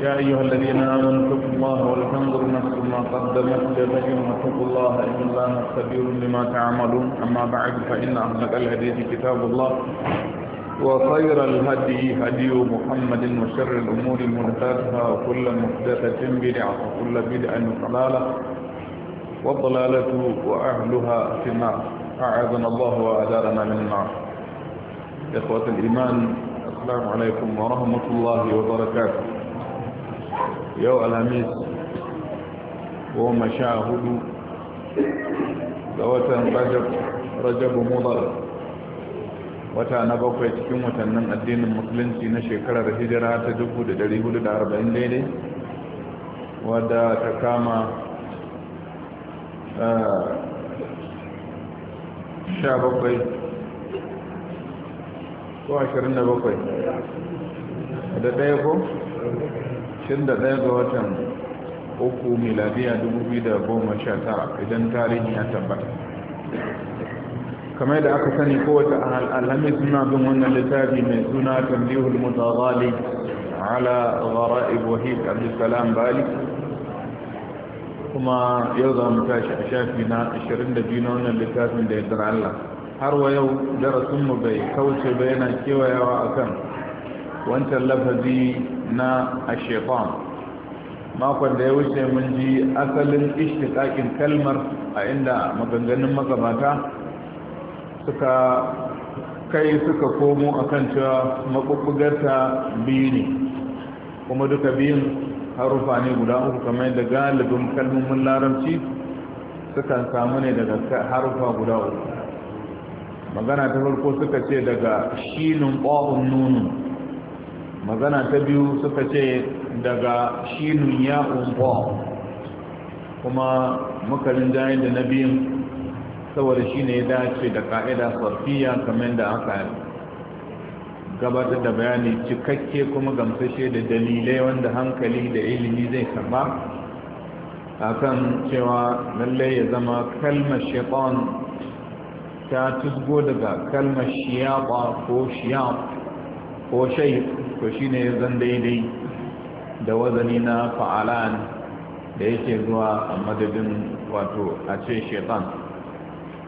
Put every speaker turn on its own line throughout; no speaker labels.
يا أيها الذين آمنوا اتقوا الله ولتنظر نفس ما قدمت لغد واتقوا الله إن الله خبير بما تعملون أما بعد فإن أهلك الحديث كتاب الله وخير الهدي هدي محمد وشر الأمور محدثاتها وكل محدثة بدعة وكل بدعة ضلالة والضلالة وأهلها في النار أعاذنا الله وأجارنا من النار إخوة الإيمان السلام عليكم ورحمة الله وبركاته yau alhamis goma sha hudu ga watan rajabu mudar wata na bakwai cikin watannin addinin musulunci na shekarar hijira ta 1440 daidai wadda ta kama ah, sha bakwai ko ashirin da bakwai da ɗaya ko? 21 ga watan uku miladiya 2019 idan tarihi ya tabbata kamar da aka sani kowace alhamis suna bin wannan littafi mai suna tambihul mutaghali ala ghara'ib wahid abdulsalam bali kuma yau za mu tashi a shafi na 22 na wannan littafin da ya Allah har wa yau darasinmu bai kauce ba yana kewayawa akan wancan lafazi na ashefan makon da ya wuce mun ji asalin ishtiƙaƙin kalmar a inda maganganun magabata suka kai suka komo a kan cewa maɓuɓɓugarta biyu ne kuma duka biyun harufa ne guda uku kamar da galibin kalmomin larabci sukan samu ne daga harufa guda uku magana ta farko suka ce daga shinin ɓawon nunun magana ta biyu suka ce daga shinun ya umbo kuma makarin jayin da na biyun saboda shi ne ya dace da ka'ida sarfiya kamar da aka gabatar da bayani cikakke kuma gamsashe da dalilai wanda hankali da ilimi zai A kan cewa lallai ya zama kalmar shaitan ta tusgo daga kalmar shiyaɓa ko ko shaif to ne zan daidai da wazani na fa'alan da yake zuwa a madadin wato a ce shaitan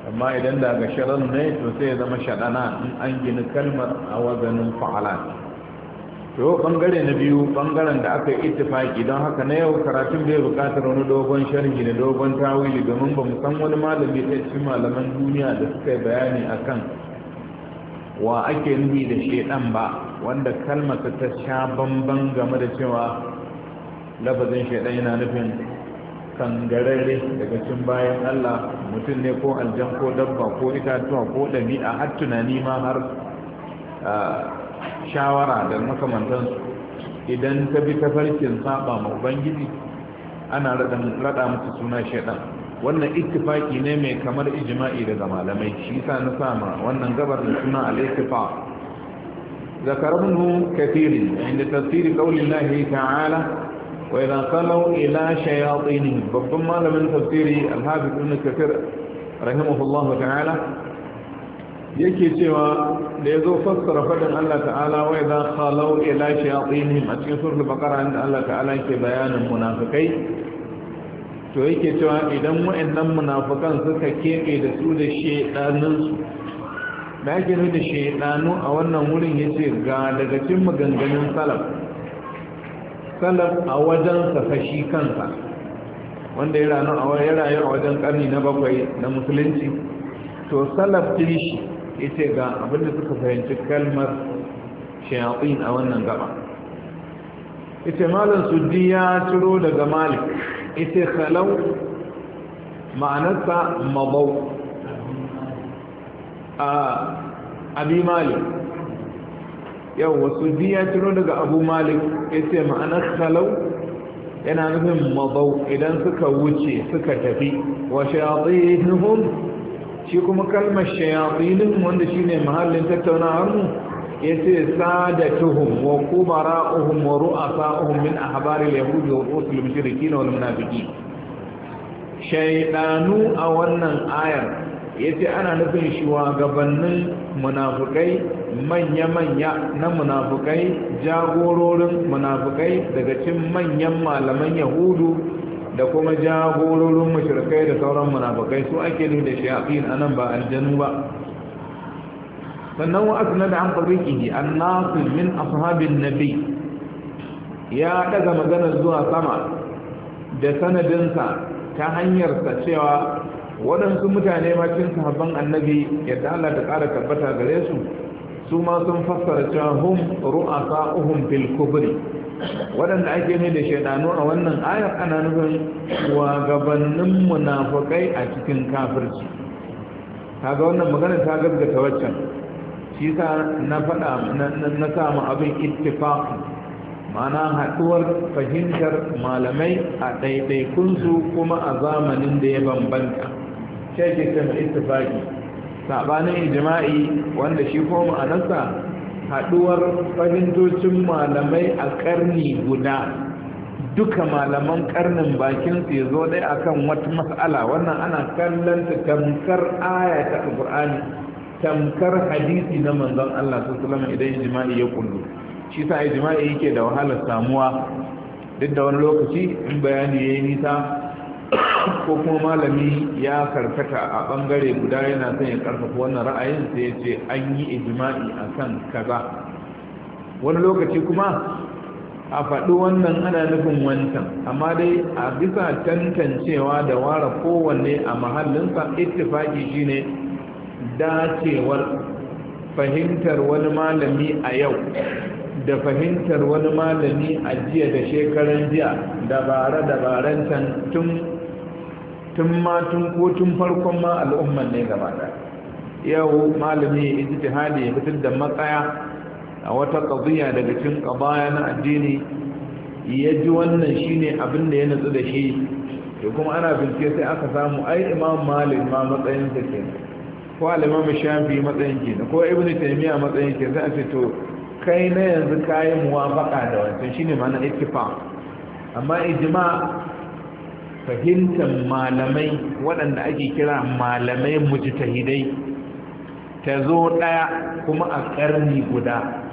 amma idan daga sharan ne to sai zama shaɗana in an gini kalmar a wazanin fa'alan to ɓangare na biyu ɓangaren da aka yi itifaki don haka na yau karatun bai bukatar wani dogon sharhi da dogon tawili domin ba san wani malami ɗaya cikin malaman duniya da suka yi bayani akan wa ake nufi da shaidan ba wanda kalmata ta sha bamban game da cewa lafazin shaidan yana nufin kangararre daga cikin bayan Allah mutum ne ko aljan ko dabba ko itatuwa ko ɗabi'a har tunani ma har shawara da makamantansu idan ta bi tafarkin saba ma ubangiji ana raɗa musu suna shaidan wannan ittifaki ne mai kamar ijima'i daga malamai shi sa na sama wannan gabar da suna alaikifa ذكر ابن كثير عند تفسير قول الله تعالى وإذا خلوا إلى شياطينهم بطمال من تفسير الحافظ ابن كثير رحمه الله تعالى yake cewa da ya zo fassara faɗin Allah ta'ala wai za khalau ila shayatinihim a cikin surul baqara inda Allah ta'ala yake bayanin munafikai to yake cewa idan wa'annan munafikan suka kebe da su da shedanin da ake da shaidanu a wannan wurin ya ce ga daga cin maganganun salaf salaf a wajen safashi kansa wanda ya rayu a wajen karni na bakwai na musulunci to salaf din shi ya ce ga abinda suka fahimci kalmar shayatin a wannan gaba ita malam suddi ya ciro daga malik ita khalau ma'anarsa mabau a abi malik yau wasu biya tuno daga abu malik ya ce ma'anar talau yana nufin mabau idan suka wuce suka tafi wa shayatinihum shi kuma kalmar shayatinihum wanda shi ne mahallin harnu ya ce tuhum. wa kubara'uhum wa sa'uhun min habarin yahudu wa rusul wani wal biki? shaidanu a wannan ayar Ya yace ana nufin shugabannin munafukai manya-manya na munafukai jagororin munafukai daga cin manyan malaman yahudu da kuma jagororin mashirkai da sauran munafukai su ake nufin da shi a nan ba aljanu ba sannan wa asna da an tariqihi annasu min ashabin nabi ya daga maganar zuwa sama da sanadinsa ta hanyarsa cewa waɗansu mutane ma cin sahabban annabi yadda Allah ta ƙara tabbata gare su su ma sun fassara cewa hum ru'asa'uhum fil kubri waɗanda ake ne da shaidanu a wannan ayar ana nufin gabanin munafukai a cikin kafirci kaga wannan magana ta gaskata waccan shi sa na faɗa na samu abin ittifaqi mana haɗuwar fahimtar malamai a ɗaiɗaikunsu kuma a zamanin da ya bambanta shi ke mai istifaki saɓanin ijima'i wanda shi ko ma'anarsa haɗuwar fahimtocin malamai a ƙarni guda duka malaman ƙarnin bakin su ya zo ɗaya akan wata matsala wannan ana kallon ta tamkar aya ta alƙur'ani tamkar hadisi na manzon Allah sallallahu idan jima'i ya kullu shi sa jima'i yake da wahalar samuwa duk da wani lokaci in bayani yayi nisa ko kuma malami ya karkata a bangare guda yana son ya karfafa wannan ra'ayin sai ya ce an yi ijma'i a kan kaza wani lokaci kuma a faɗi wannan ana nufin wancan amma dai a bisa tantancewa da ware kowanne a mahallinsa ittifaki shine dacewar fahimtar wani malami a yau da fahimtar wani malami a jiya da shekaran jiya dabare-dabaren tun tun ma tun ko tun farkon ma al'umman ne gaba da yau malami ya ijtihadi ya fitar da matsaya a wata qadiya daga cikin kabaya na addini ya ji wannan shine abin da ya nutsu da shi to kuma ana bincike sai aka samu ai imam malik ma matsayin sa ke ko alimam shafi matsayin ke ko ibnu taymiya matsayin ke sai a ce to kai na yanzu kayi muwafaqa da wancan shine ma'ana ittifaq amma ijma fahimtar malamai waɗanda ake kira malamai mujtahidai ta zo ɗaya kuma a ƙarni guda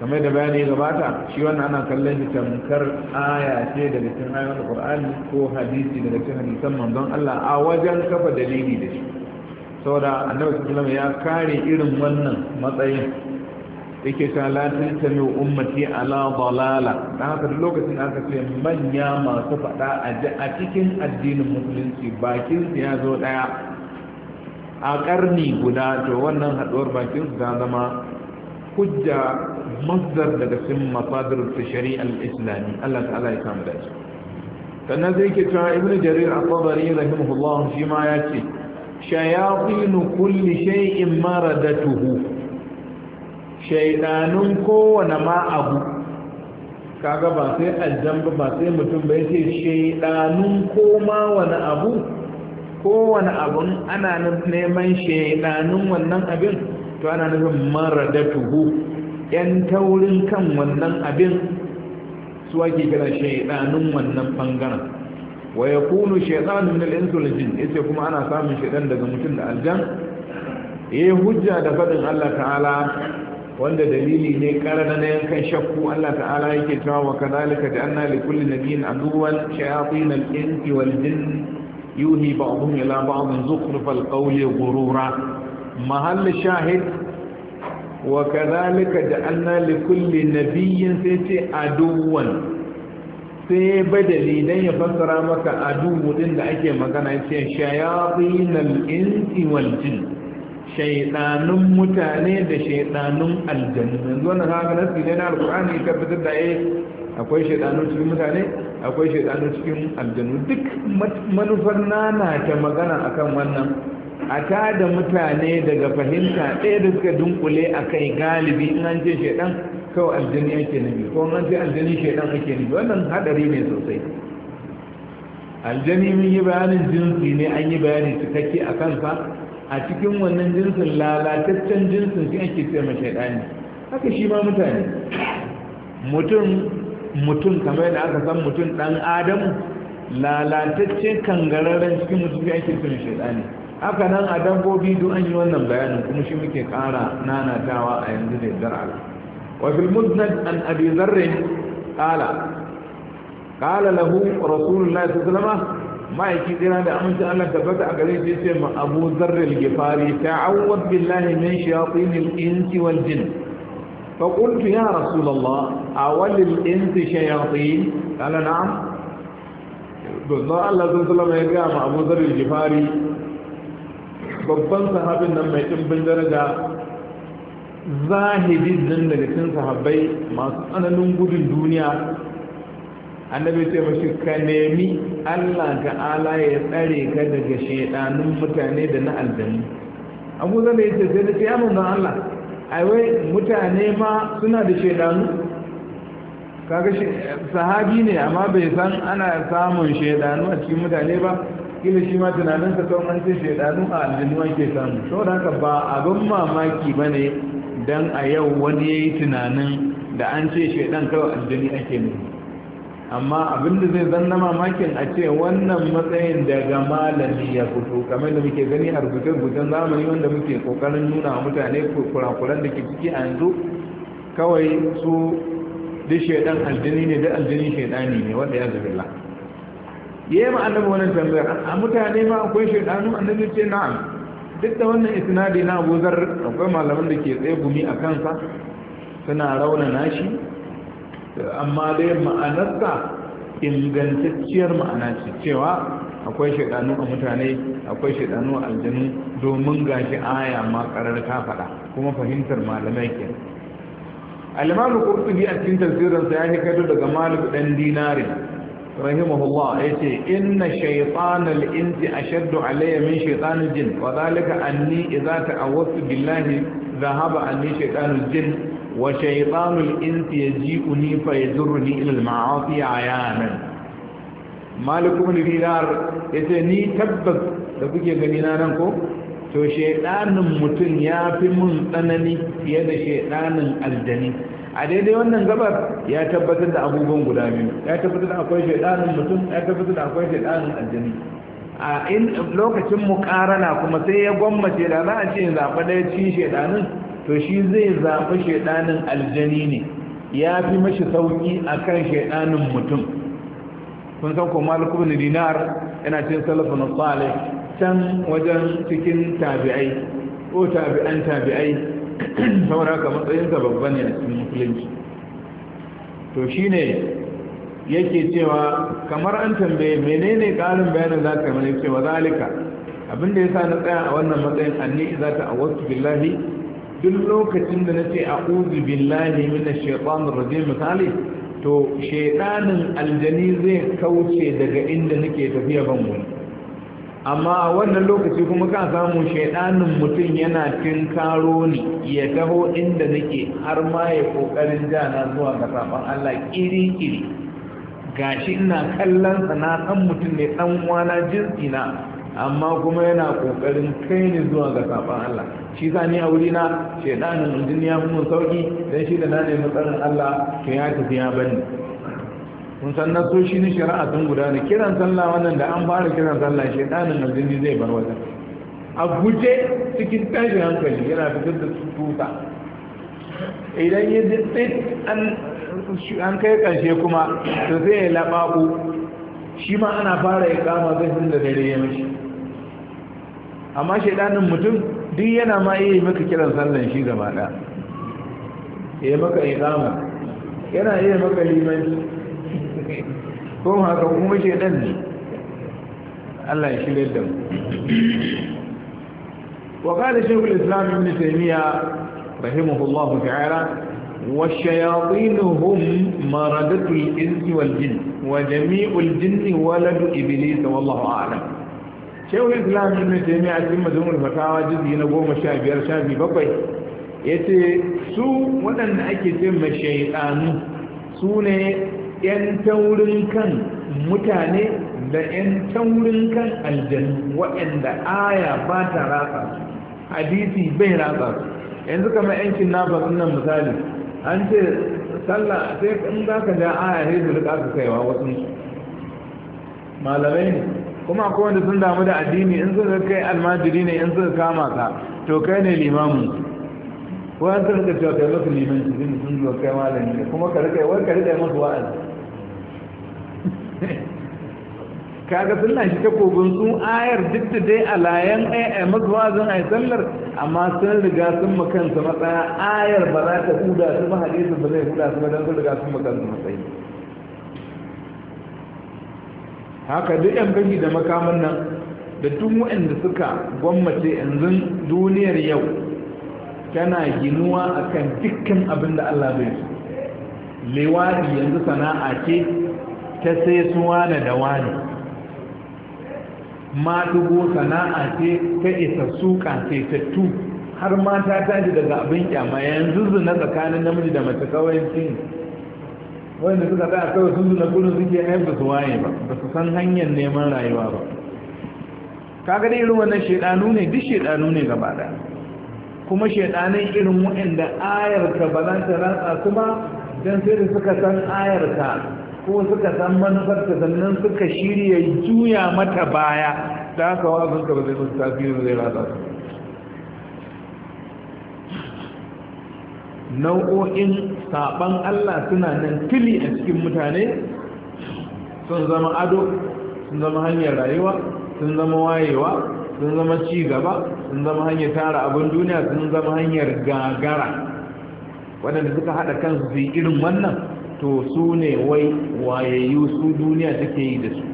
kamar da bayani gabata shi wannan ana kallon shi tamkar aya ce daga cikin ayoyin Qur'ani ko hadisi daga cikin hadisan manzon Allah a wajen kafa dalili da shi saboda annabi sallallahu alaihi wasallam ya kare irin wannan matsayin yake ta latin ta mai ummati ala dalala da haka lokacin da aka ce manya masu faɗa a cikin addinin musulunci bakin su ya zo a ƙarni guda to wannan haɗuwar bakin su ta zama hujja mazdar daga cikin masadir ta shari'a al-islami Allah ta'ala ya samu dace sannan zai ke cewa ibnu jarir at-tabari rahimahullah shi ma ya ce shayatin kulli shay'in maradatuhu shaidanun kowane ma abu kaga ba sai aljan ba sai mutum ba yace shaidanun koma wani abu kowane abun ana neman shaidanun wannan abin to ana nufin maradatuhu yan taurin kan wannan abin su ake kira shaidanun wannan bangaren wa kunu shaidanun min al-insu wal yace kuma ana samun shaidan daga mutum da aljan yi hujja da faɗin Allah ta'ala wanda dalili ne karana na yankan shakku Allah ta'ala yake cewa wa kadhalika ja'alna li kulli nabiyyin aduwwan shayatin al-insi wal jinn yuhi ba'dhum ila ba'dhin zukhruf al-qawli ghurura mahall shahid wa kadhalika ja'alna li kulli nabiyyin sai ce aduwwan sai badali dan ya fassara maka aduwu din da ake magana ce shayatin al-insi wal jinn shaidanun mutane da shaidanun aljanu yanzu wannan haka nasi ne na alkur'ani fitar da eh akwai shaidanun cikin mutane akwai shaidanun cikin aljanu duk manufar nana ta magana akan wannan a tada mutane daga fahimta ɗaya da suka dunkule a kai galibi in an ce shaidan kawai aljani ake nabi ko an ce aljani shaidan ake nabi wannan hadari ne sosai aljani mun yi bayanin jinsi ne an yi bayani cikakke a kansa a cikin wannan jinsin lalataccen jinsin shi ake ce mai shaidani haka shi ma mutane mutum mutum kamar yadda aka san mutum dan adam lalatacce kangararren cikin mutum shi ake ce mai shaidani haka nan a dabbobi duk an yi wannan bayanin kuma shi muke kara nanatawa a yanzu da yardar Allah wa fil musnad an abi dharr qala qala lahu rasulullahi sallallahu alaihi wasallam ma'aiki tsira da amince Allah tabbata a gare shi ce ma Abu Zarril Gifari ta'awwad billahi min shayatinil insi wal jin fa qultu ya Rasulullah awalil insi shayatin qala na'am Dozo Allah sun salama ya gaya ma Abu Zarril Gifari babban sahabin nan mai ɗimbin daraja zahidin nan daga cikin sahabbai masu tsananin gudun duniya annabi ce shi ka nemi allah ta'ala ya tsare ka daga shaidanun mutane da na aljanu abu zan ya ce sai da ya manzan allah aiwai mutane ma suna da shaidanu kaga sahabi ne amma bai san ana samun shaidanu a cikin mutane ba kila shi ma tunanin ka kawai an ce shaidanu a aljanu ke samu saboda haka ba abin mamaki ba ne don a yau wani ya yi tunanin da an ce shaidan kawai aljanu ake nufi amma abin da zai zanna mamakin a ce wannan matsayin daga malami ya fito kamar da muke gani a rubuce-rubucen zamani wanda muke kokarin nuna wa mutane kurakuran da ke ciki a yanzu kawai su duk shaidan aljini ne da aljini shaidani ne wanda ya la ya yi ma'anar wannan tambayar a mutane ma akwai shaidanu nan ce na'am duk da wannan isnadi na abuzar akwai malaman da ke tsaye gumi a kansa suna raunana shi amma dai ma'anarsa ingantacciyar ma'ana ce cewa akwai shaidanu a mutane akwai shaidanu a aljanu domin gashi aya ma karar ta faɗa kuma fahimtar malamai ke alimamu biyu a cikin tafsirinsa ya hikaito daga malik dan dinari rahimahullah ya ce inna shaitanal insi ashaddu alayya min shaitanil jin wa zalika anni idza ta'awwaztu billahi dhahaba anni shaitanul jin wa shaytanul insi yaji'uni fa المعاصي عيانا al-ma'asi ayanan malik ibn تبك yace ni tabbas da kuke gani na nan ko to shaydanin mutum ya fi mun tsanani fiye da shaydanin aljani a daidai wannan gabar ya tabbatar da abubuwan guda biyu ya tabbatar da akwai shaidanin a in lokacin mukarana kuma sai ya gwammace da za a ce zaɓa ɗaya ci shaidanin to shi zai zaɓi shaidanin aljani ne ya fi mashi sauƙi a kan shaidanin mutum kun san kuma alkubin dinar yana cin salafin salih can wajen cikin tabi'ai ko tabi'an tabi'ai saboda haka matsayinsa babban ne a cikin musulunci to shi ne yake cewa kamar an tambaye menene ƙarin bayanin za ka mana cewa zalika abinda ya sa na tsaya a wannan matsayin anni za ta wasu billahi duk lokacin da nace a'udhu billahi minash shaitanir rajim misali to shaidanin aljani zai kauce daga inda nake tafiya ban wani amma wannan lokaci kuma ka samu shaidanin mutum yana karo ni ya taho inda nake har ma ya kokarin jana zuwa ga saban Allah kiri-kiri gashi ina kallon sa na san mutum ne dan uwana jinsi na amma kuma yana kokarin kai ni zuwa ga saban Allah shi sa ni a wuri na shaidanin injin ya mun sauki dan shi da na nemi tsarin Allah to ya tafi ya bani kun san na so shi ni shari'a sun gudana kiran sallah wannan da an fara kiran sallah shaidanin injin zai bar wata a guje cikin tashin hankali yana fitar da tuta idan ya ji an kai karshe kuma to sai ya laɓaɓo shi ma ana fara ya kama zai da dare ya mashi amma shaidanin mutum duk yana ma iya yi maka kiran sallan shi gaba ɗa ya maka ikama yana iya maka liman ko haka kuma ce ɗan ne Allah ya shirya da mu wa kada shi kula islamu ibn taymiya rahimahullahu ta'ala wa shayatinuhum maradatul insi wal jin wa jami'ul jinni waladu iblis wallahu a'lam shehu islam ibn taymiya a cikin mazmur fatawa jizi na goma sha biyar sha biyu bakwai ya ce su waɗanda ake ce mai shaiɗanu su ne 'yan taurin kan mutane da 'yan taurin kan aljanu waɗanda aya ba ta ratsa hadisi bai ratsa su yanzu kamar 'yancin na nan misali an ce sallah sai in za ka ja aya sai su rika su kaiwa wasu malamai ne kuma akwai wanda sun damu da addini in suka kai almajiri ne in suka kama ka to kai ne limamin su wani sun rika cewa kai masu liman su zini sun zuwa kai malami ne kuma ka rika wani ka rika masu wa'azi kaga sun na shi takobin sun ayar duk da dai a layan ai masu wa'azin ai sallar amma sun riga sun makansa matsaya ayar ba za ta huda su ba hadisi ba zai huda su ba don sun riga sun makansa matsayi haka duk yan bagi da makaman nan da tun waɗanda suka gwammace yanzu duniyar yau tana ginuwa akan dukkan abin da Allah bai su lewari yanzu sana'a ce ta sai suwa da dawani dubo sana'a ce ta isa ta tu har mata ta ji daga abin kyama yanzu zina tsakanin namiji da mace kawai wanda suka tsaya kawai sun zuna kullum suke ai da su waye ba ba su san hanyar neman rayuwa ba kaga dai irin wannan shaidanu ne duk shaidanu ne gaba daya kuma shedanan irin waɗanda ayarka ba za ta ratsa su ba don sai da suka san ka ko suka san manufarta sannan suka shirya juya mata baya da haka wa ka ba zai musu tafiye zai ratsa su nau'o'in saɓan Allah suna nan tili a cikin mutane sun zama ado sun zama hanyar rayuwa sun zama wayewa sun zama ci gaba sun zama hanyar tara abin duniya sun zama hanyar gagara waɗanda suka haɗa kansu su yi irin wannan to su ne wai wayayyu su duniya take yi da su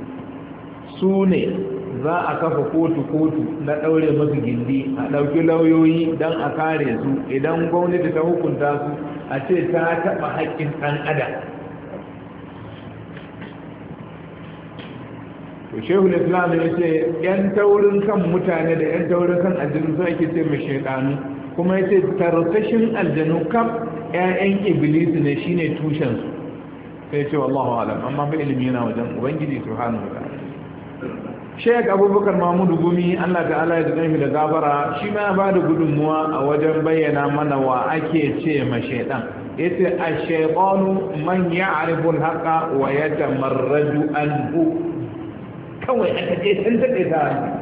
su ne za a kafa kotu-kotu na ɗaure masu gindi a ɗauki lauyoyi don a kare su idan gwamnati ta hukunta su a ce ta taɓa haƙƙin ɗan adam to shehu islam ya ce yan taurin kan mutane da yan taurin kan aljanu sun ake ce mai shaidanu kuma ya ce tarkashin aljanu kan 'ya'yan iblis ne shine tushensu sai ce wallahu alam amma ba ilimi yana wajen ubangiji subhanahu wa sheik abubakar mahmudu gumi allah ta'ala ya zai da gabara shi ma ba da gudunmuwa a wajen bayyana mana wa ake ce ma shaidan ya ce a shaidanu man ya arifin haka wa ya tamarraju an kawai aka ce sun taɗe ta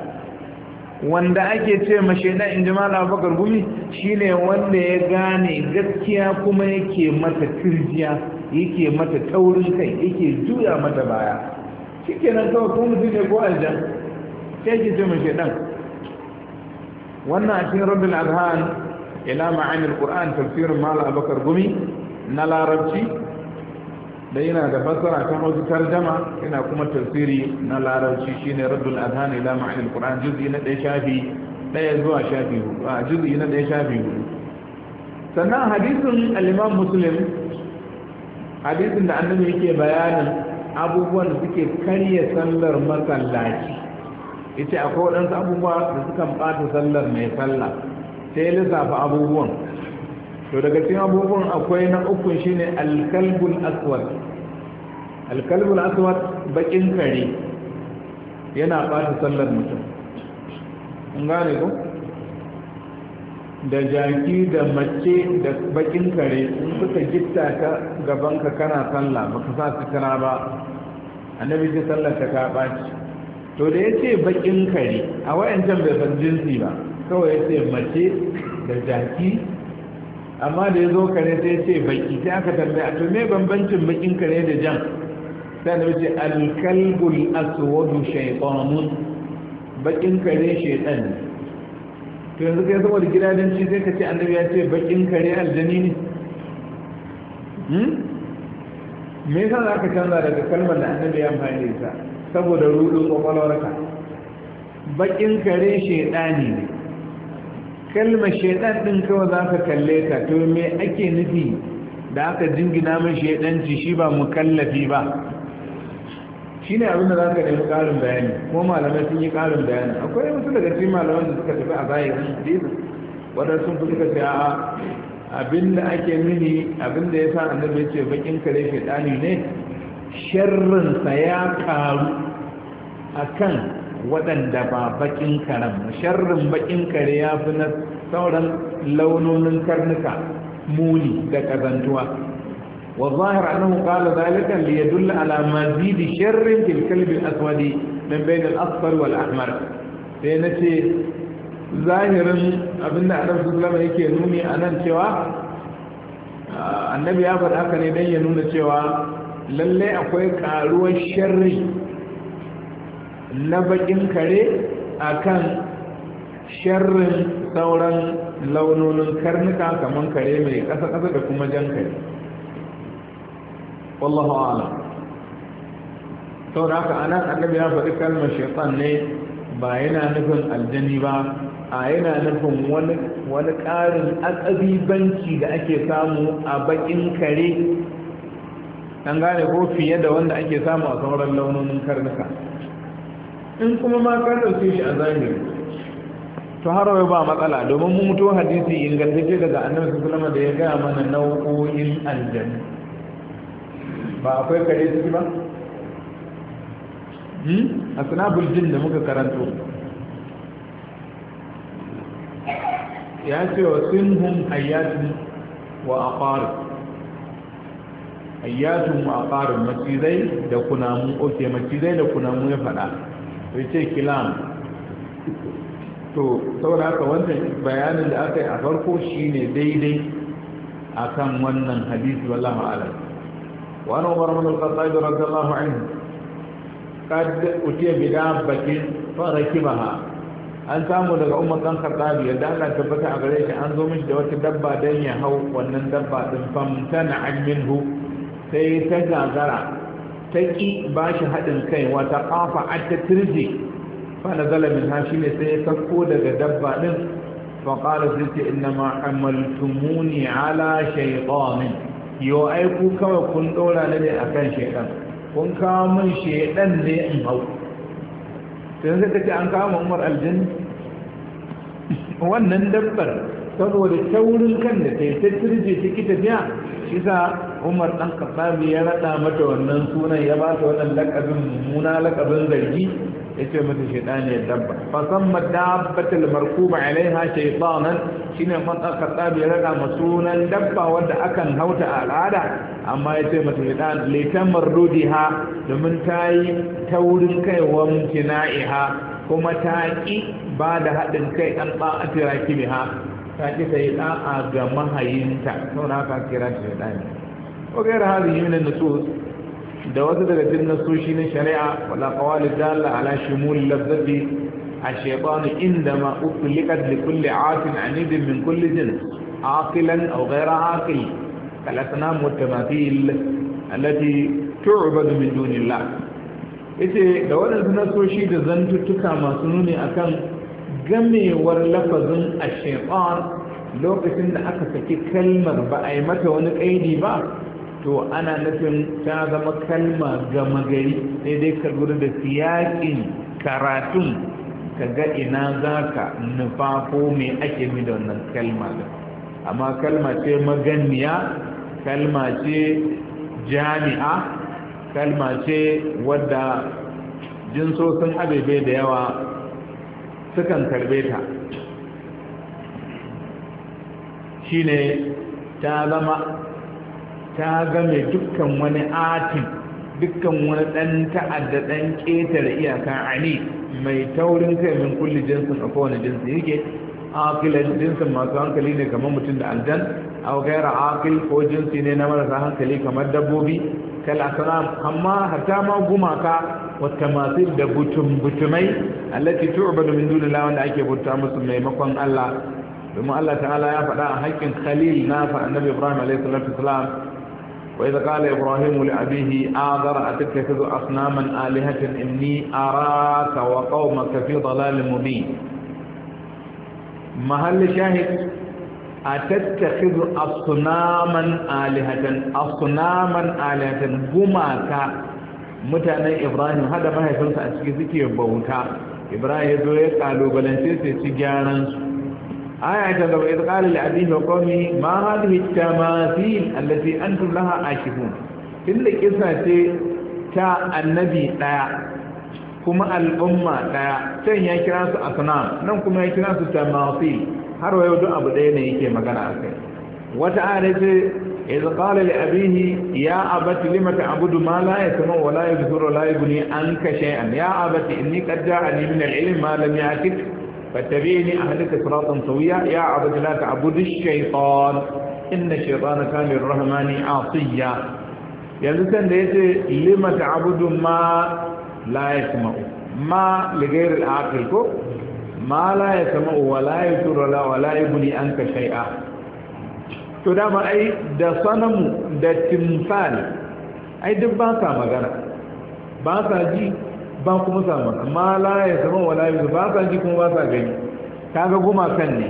wanda ake ce ma shaidan in ji mala abubakar gumi shine wanda ya gane gaskiya kuma yake mata turjiya yake mata taurin kai yake juya mata baya shi kenan kawai ko mutum ne ko aljan sai ki ce mashi dan wannan a cikin rabbul alhan ila ma'anin qur'an tafsirin mala abakar gumi na larabci da yana da fassara kan wasu tarjama yana kuma tafsiri na larabci shine rabbul alhan ila ma'anin qur'an juz'i na ɗaya shafi ɗaya zuwa shafi hudu a juz'i na ɗaya shafi hudu sannan hadisin alimam muslim hadisin da annabi yake bayanin abubuwan da suke karya sallar masallaci ita akwai waɗansu abubuwa da suka ɓata sallar mai sallah sai lissafa abubuwan to daga cikin abubuwan akwai na uku shine alkalbul aswad alkalbul aswad bakin kare yana bata sallar mutum an gane ko da jaki da mace da bakin kare in suka gitta ka ka kana sallah ba ka sa kana ba annabi ce sallar ta ka baci to da yace bakin kare a wayancan bai san jinsi ba kawai yace mace da jaki amma da ya zo kare sai yace baki sai aka tambaya to me bambancin bakin kare da jan sai annabi ce al-kalbul aswadu shaytanun bakin kare shaytan ne to yanzu kai saboda gida don ci sai ka ce annabi ya ce bakin kare aljani ne hmm? me yasa za ka canza daga kalmar da annabi ya amfani da saboda rudin kwakwalwarka bakin kare shaidani ne kalmar shaidan din kawai za ka kalle ta to me ake nufi da aka jingina mai shaidanci shi ba mukallafi ba shi ne abin da za ka nemi ƙarin bayani ko malamai sun yi ƙarin bayani akwai wasu daga cikin malamai da suka tafi a zahirin hadisi wadda sun fi suka ce a abin da ake nuni abin da ya sa annabi ya ce bakin kare shaidani ne sharrinsa ya karu akan waɗanda ba bakin karen sharrin bakin kare ya fi na sauran launonin karnuka muni da kazantuwa والظاهر أنه قال ذلك ليدل على مزيد شر في الكلب الأسود من بين الأصفر والأحمر فينتي ظاهرا أبن أعلم سلم يكي نوني أنا cewa annabi ya haka ne don ya nuna cewa lallai akwai ƙaruwar sharri na baƙin kare akan sharrin sauran launonin karnuka kamar kare mai ƙasa-ƙasa da kuma jan kare wallahu ala saboda haka anan annabi ya faɗi kalmar shaitan ne ba yana nufin aljani ba a yana nufin wani wani ƙarin banki da ake samu a bakin kare an gane ko fiye da wanda ake samu a sauran launonin karnuka in kuma ma ka ɗauke shi a zahiri to har wai ba matsala domin mun mutu hadisi ingantacce daga annabi sallallahu alaihi wasallam da ya gaya mana nau'o'in aljanna ba akwai kare ciki ba hmm? a sinabul jin da muka karanto ya ce wa sun hun hayatun wa a faru hayatun wa faru macizai da kunamu oke macizai da kunamu ya faɗa ya ce kilam to saboda haka wannan bayanin da aka yi a farko shine daidai akan wannan hadisi wallahu a'lam وعن عمر بن الخطاب رضي الله عنه قد أتي بدابة فركبها an samu daga umar dan khattabi yadda Allah tabbata a gare shi an zo mishi da wata dabba dan ya hau wannan dabba din famtana an minhu sai ta gagara ta ki ba shi haɗin kai wata kafa an ta tirje zala min ha shine sai ya sakko daga dabba din fa qala sai ce inna ma amaltumuni ala shaytanin yo ai ku kawai kun dora ne akan shedan kun kawo mun shedan ne in hau sai sai kace an kawo Umar aljin wannan dabbar saboda taurin kan da ta yi ta turje ta kita biya shi sa Umar dan Khattab ya rada mata wannan sunan ya ba ta wannan lakabin mummuna lakabin zargi yace mata ya dabba fa samma dabbatul markuba alaiha shaytanan shine man al ya rada masunan dabba wanda akan hauta al'ada amma yace mata shaytan litan mardudiha domin tayi taurin kaiwa mutina'iha kuma ta ki ba da haɗin kai ɗan ba a tira kimiha ta ki sai da'a ga mahayinta saboda haka kira shaytani وغير هذه من النصوص da wasu daga cikin nasoshi na shari'a wala qawali dalla ala shumul lafzati ash-shaytan indama uqliqat li kulli 'atin 'anidin min kulli jins aqilan aw ghayra aqil kal asnam wat tamathil allati tu'badu min dunillah ite da wannan nasoshi da zantuttuka masu nuni akan gamewar lafazin ash-shaytan lokacin da aka saki kalmar ba a yi mata wani kaidi ba to ana nufin ta zama kalma gama gari sai dai ka lura da siyakin karatun ka ga ina za ka nufa ko me ake mi da wannan kalma da amma kalma ce maganiya kalma ce jami'a kalma ce wadda jinsosin abebe da yawa sukan karbe ta shine ta zama ta game dukkan wani atin dukkan wani ɗan ta'adda ɗan ƙetare iyaka ani mai taurin kai min kulli jinsin a kowane jinsi yake akilan jinsin masu hankali ne kamar mutum da aljan a gaira akil ko jinsi ne na marasa hankali kamar dabbobi kala salam amma hatta ma gumaka wata masu da butum-butumai allati tu'badu min lawan da ake bauta musu maimakon Allah domin Allah ta'ala ya faɗa a haƙƙin khalil na annabi Ibrahim alaihi salatu wasalam وإذا قال إبراهيم لأبيه آذر أتتخذ أصناما آلهة إني أراك وقومك في ضلال مبين محل شاهد أتتخذ أصناما آلهة أصناما آلهة غماك mutanen ibrahim hada mahaifinsa a cikin suke bauta ibrahim ya zo ya kalubalance su ci gyaran su aya ta gaba idh qala li abihi wa qawmi ma hadhihi tamathil allati antum laha akifun tunda kisa ce ta annabi daya kuma al'umma daya can ya kira su asnam nan kuma ya kira su tamathil har wayo duk abu daya ne yake magana akai wata aya ce idh qala li abihi ya abati lima ta'budu ma la yasma wa la yubsiru ya abati inni qad ja'ani min al-ilmi fattabini ahlika siratan sawiya ya abadi la ta'budu shaytan inna shaytana kana lirrahmani asiya yanzu sanda da yace lima ta'budu ma la yasma'u ma li ghayri al ko ma la yasma'u wa la to dama ai da sanamu da timfal ai duk ba sa magana ba sa ji ba kuma sama amma la ya zama wala yuzu ba sa ji kuma ba sa gani kaga gumakan ne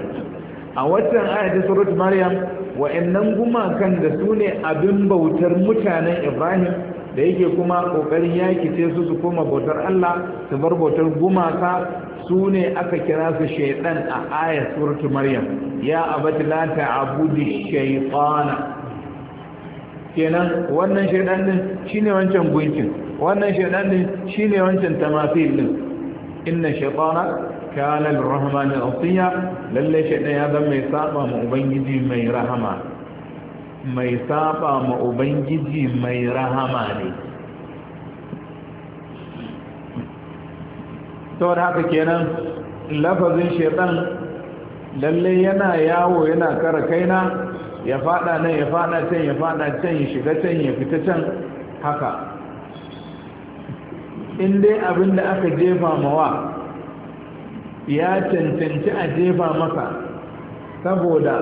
a waccan aya ta surat maryam guma gumakan da su ne abin bautar mutanen ibrahim da yake kuma kokarin yaki ce su su koma bautar allah su bar bautar gumaka su ne aka kira su shaidan a aya surat maryam ya abati la ta'budi shaytana kenan wannan shaidan din shine wancan gunkin wannan shaidan din shine wancan tamasil din inna shaytana kana al asiya lalle shaidan ya zama mai saba ma ubangiji mai rahama mai saba ma ubangiji mai rahama ne saboda haka kenan lafazin shaidan lalle yana yawo yana kara kaina ya fada nan ya fada can ya fada can ya shiga can ya fita can haka in dai abin da aka jefa mawa ya cancanci a jefa masa saboda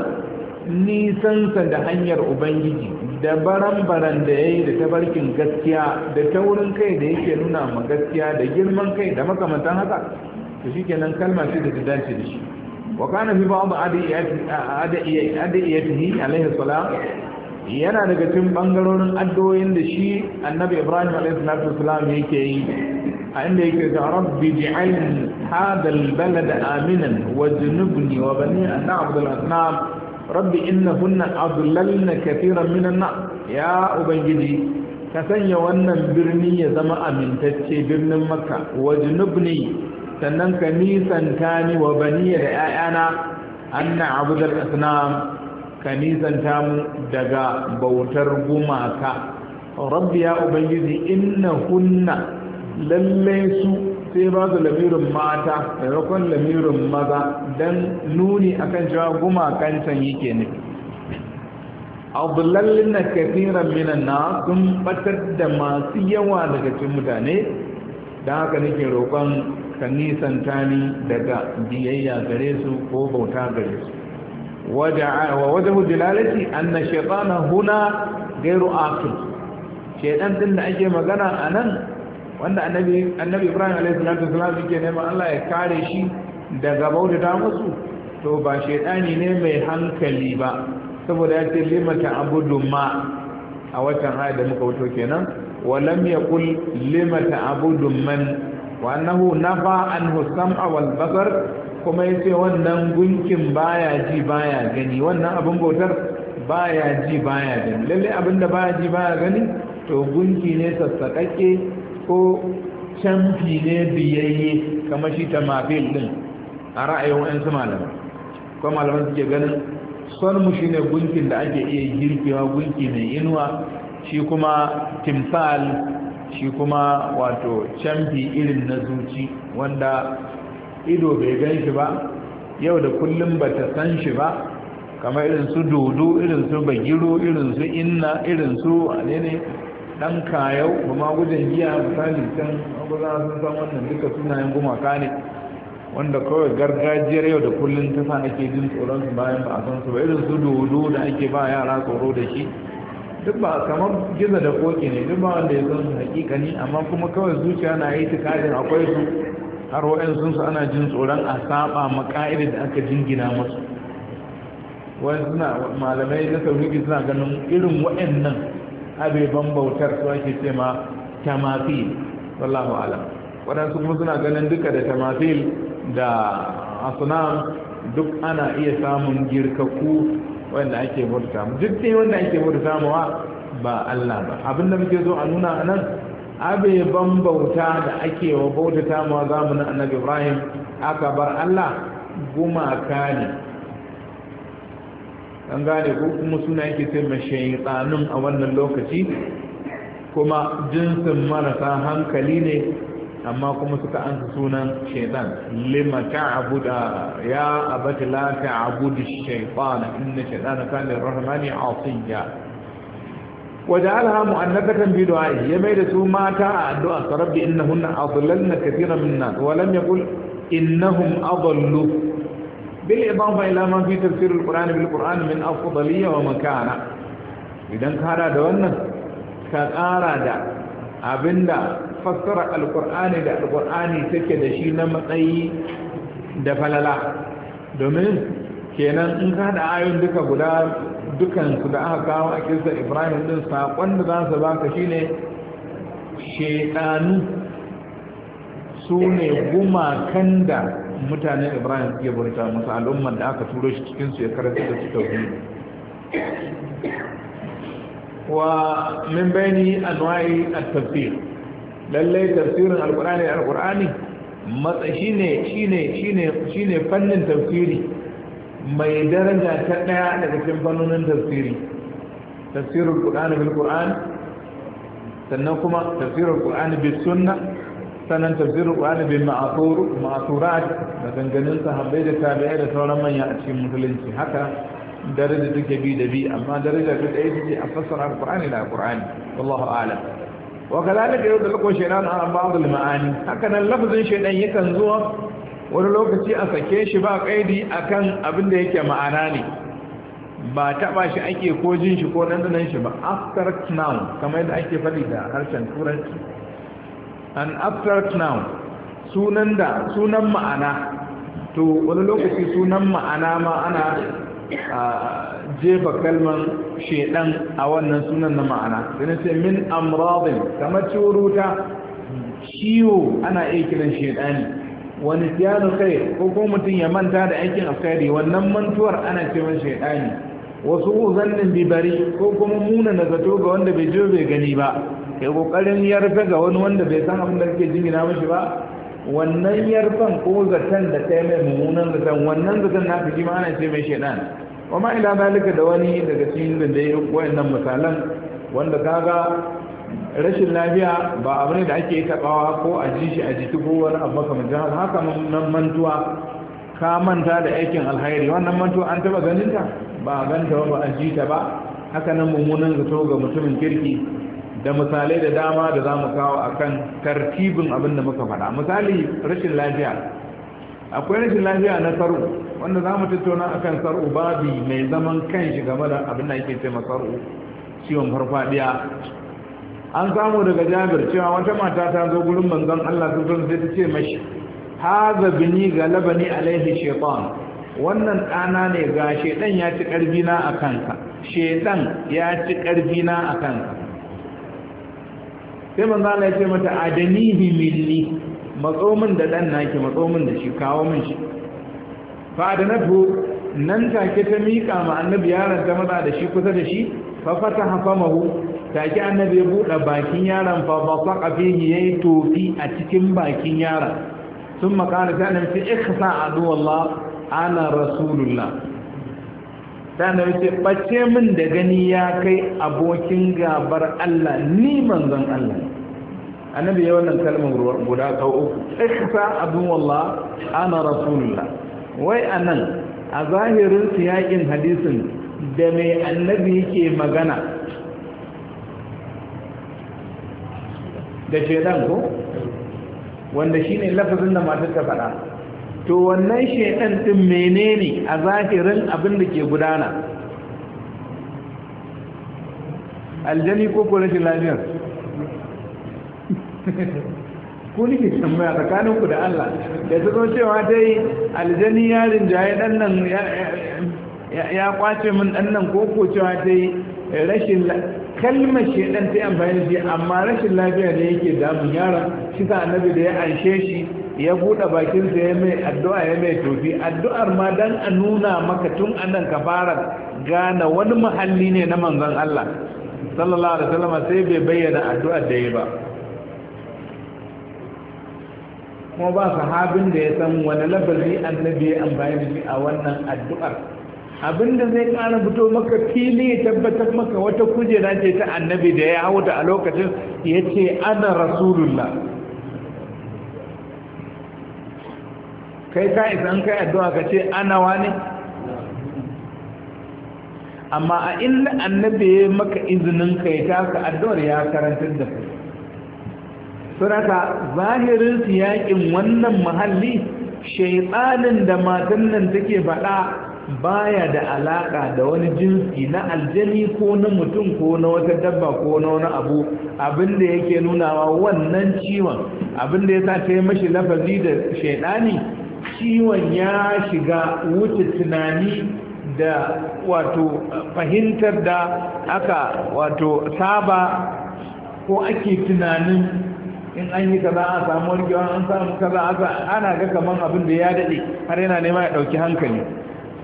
nisansa da hanyar ubangiji da baran-baran da ya yi da tabarkin gaskiya da taurin kai da yake nuna ma gaskiya da girman kai da makamantan haka to shi kenan kalma da ta dace da shi وكان في بعض أدعيته عليه السلام yana daga cikin bangarorin addu'o'in da shi annabi ibrahim alaihi salam yake yi a inda yake ga rabbi ji'al hadha albalad aminan wa junubni wa bani an na'budu al-asnam rabbi innahunna adlalna katiran min an-nas ya ubangiji ka sanya wannan birni ya zama amintacce birnin makka wa junubni sannan ka nisanta ni wa baniya da 'ya'yana anna abudar asnam ka nisanta mu daga bautar gumaka rabbi ya ubangiji inna hunna lallai su sai ba su lamirin mata da rakon lamirin maza don nuni akan cewa gumakan can yake ne abdullallin na kafiran minan na sun batar da masu yawa daga cikin mutane da haka nake roƙon ka nisanta ni daga biyayya gare su ko bauta gare su wajen dilalati anna shaitana huna gairu akil shaitan din da ake magana a nan wanda annabi ibrahim a.s.w. yake neman allah ya kare shi daga bautata musu to ba shaitani ne mai hankali ba saboda ya ce limata abudu ma a watan haya da muka wuto kenan walam yaqul limata abudu man wa annahu nafa anhu sam'a wal basar kuma yace wannan gunkin baya ji baya gani wannan abin bautar baya ji baya gani lalle abin da baya ji baya gani to gunki ne sassaƙaƙe ko fi ne biyayye kamar shi mafi din a ra'ayin wa'ansu malamai Ko malaman suke ganin mu shi ne gunkin da ake iya girkewa gunki mai inuwa shi kuma timsal shi kuma wato camfi irin na zuci wanda ido bai gan shi ba yau da kullum ba ta san shi ba kamar irin su dodo irin su bagiro irin su inna irin su ne dan kayau kuma gudun giya misali can abuza sun san wannan duka sunayen gumaka ne wanda kawai gargajiyar yau da kullum ta sa ake jin tsoron su bayan ba a san su ba irin su dodo da ake ba yara tsoro da shi duk ba kamar gizo da koki ne duk ba wanda ya san su hakikani amma kuma kawai zuciya na yi tukajin akwai su har wa'in sun su ana jin tsoron a saba maka'idar da aka jingina masu wani suna malamai na sauriki suna ganin irin wa'annan abeban bautar su ake ce ma tamafil sallahu alam waɗansu kuma suna ganin duka da tamafil da asunan duk ana iya samun girkaku wanda ake bauta duk dai wanda ake bauta mawa ba Allah ba abin da muke so a nuna a nan ban bauta da ake wa bauta mu zamanin annabi Ibrahim aka bar Allah gumaka ne an gane ko kuma suna yake ce ma shaytanun a wannan lokaci kuma jinsin marasa hankali ne amma kuma suka ansa sunan shaitan lima ta'buda ya abati la ta'budu shaytana inna shaytana kana ar-rahmani 'asiya waja'alha mu'annabatan bi du'a'i ya mai da su mata a addu'a rabbi innahunna adlalna katiran min nas wa lam yaqul innahum adallu bil idafa ila ma fi tafsir al-qur'an bil qur'an min afdaliyya wa makana idan ka da wannan ka kara da abinda fassara alkur'ani da alkur'ani take da shi na matsayi da falala domin kenan in ka da ayon duka guda dukansu da aka kawo a kisar ibrahim din saƙon da za su baka shine shaidanu su ne gumakan da mutanen ibrahim suke burta musu al'ummar da aka turo shi cikinsu ya karanta da su tauhidi wa min bayani anwa'i at-tafsir lallai tafsirin alkur'ani alkur'ani matsayi ne shi ne fannin tafsiri mai daraja ta daya daga cikin fannonin tafsiri tafsirin qur'ani bil qur'an sannan kuma tafsirin qur'ani bis sunna sannan tafsirul qur'ani bil ma'thur ma'thurat maganganun sahabbai da tabi'ai da sauran manya a cikin musulunci haka daraja take bi da bi amma daraja ta daya take a fassara alqur'ani da alqur'ani wallahu a'lam wa kazalika yudallu shaytan an ba'd al-ma'ani haka nan lafazin shaytan yakan zuwa wani lokaci a sake shi ba kaidi kan abin da yake ma'ana ne ba taɓa shi ake ko jin shi ko dandanan shi ba abstract noun kamar yadda ake faɗi da harshen turanci an abstract noun sunan da sunan ma'ana to wani lokaci sunan ma'ana ma ana jefa kalman shedan a wannan sunan na ma'ana sai ce min amradin kamar curuta ciwo ana iya kiran shedani wani tiyanu kai ko ko mutum ya manta da aikin alkhairi wannan mantuwar ana cewa shedani wasu zannin bibari ko kuma muna na zato ga wanda bai je bai gani ba kai kokarin yarfe ga wani wanda bai san abin da ke jingina mishi ba wannan yarfan ko zaton da ta mai mummunan zaton wannan zaton na fi ma ana ce mai shaidan wa ma ila zalika da wani daga cikin dindai wayannan misalan wanda kaga rashin lafiya ba abu ne da ake tabawa ko a ji shi a jiki ko wani abu makamancin haka nan mantuwa ka manta da aikin alhairi wannan mantuwa an taba ganin ta ba a ganta ba a ji ta ba haka nan mummunan zato ga mutumin kirki da misalai da dama da za mu kawo akan tartibin abin da muka faɗa misali rashin lafiya akwai rashin lafiya na sar'u wanda za mu tattauna akan sar'u babi mai zaman kanshi game da abin da ake cewa sar'u ciwon farfadiya an samu daga jabir cewa wata mata ta zo gurin manzon Allah sun sun sai ta ce mashi haza bini galabani alaihi shaitan wannan dana ne ga shaitan ya ci karbi na akan ka shaitan ya ci karbi na a kanka sai manzon Allah ya ce mata adanihi minni Matsomin min da ɗan naki matso da shi kawo min shi fa da na nafu nan take ta miƙa ma annabi yaron ta maza da shi kusa da shi fa fata hafamahu take annabi ya buɗe bakin yaran fa ba sa ya yayi tofi a cikin bakin yara. sun makara ta nan fi ikhsa adu wallah ana rasulullah ta nan ce bace min da gani ya kai abokin gabar Allah ni manzon Allah annabi ya wannan kalmar guda ta uku ikhfa abin wallah ana rasulullah wai anan a zahirin siyakin hadisin da mai annabi yake magana da shedan ko wanda shine lafazin da matar ta faɗa to wannan shedan din menene a zahirin abin da ke gudana aljani ko ko rashin lafiyar ku ke tambaya tsakanin ku da Allah da su zo cewa dai aljani ya rinjaye dan nan ya kwace min dan nan ko ko cewa dai rashin kalmar dan ta amfani da shi amma rashin lafiya ne yake damun yaron shi sa annabi da ya anshe shi ya buɗe bakinsa ya mai addu'a ya mai tofi addu'ar ma dan a nuna maka tun anan ka fara gane wani muhalli ne na manzon Allah sallallahu alaihi wasallam sai bai bayyana addu'ar da ya ba kuma ba sahabin da ya san wani labari annabi ya amfani da shi a wannan addu'ar abinda zai kara fito maka fili ya tabbatar maka wata kujera ce ta annabi da ya hauta a lokacin ya ce ana rasulullah kai ka isa kai addu'a ka ce ana wani amma a inda annabi ya maka izinin kai ta ka addu'ar ya karantar da kai suraka zahirin siyakin wannan mahalli shaiɗanin da matan nan take faɗa baya da alaƙa da wani jinsi na aljani ko na mutum ko na wata dabba ko na wani abu abinda yake nunawa wannan ciwon abinda ya sa ta yi mashi lafazi da shaiɗani ciwon ya shiga wuce tunani da wato fahimtar da aka wato saba ko ake tunanin in an yi kaza a samu gyawa an samu kaza a ana ga kaman abin da ya dade har yana nema ya dauki hankali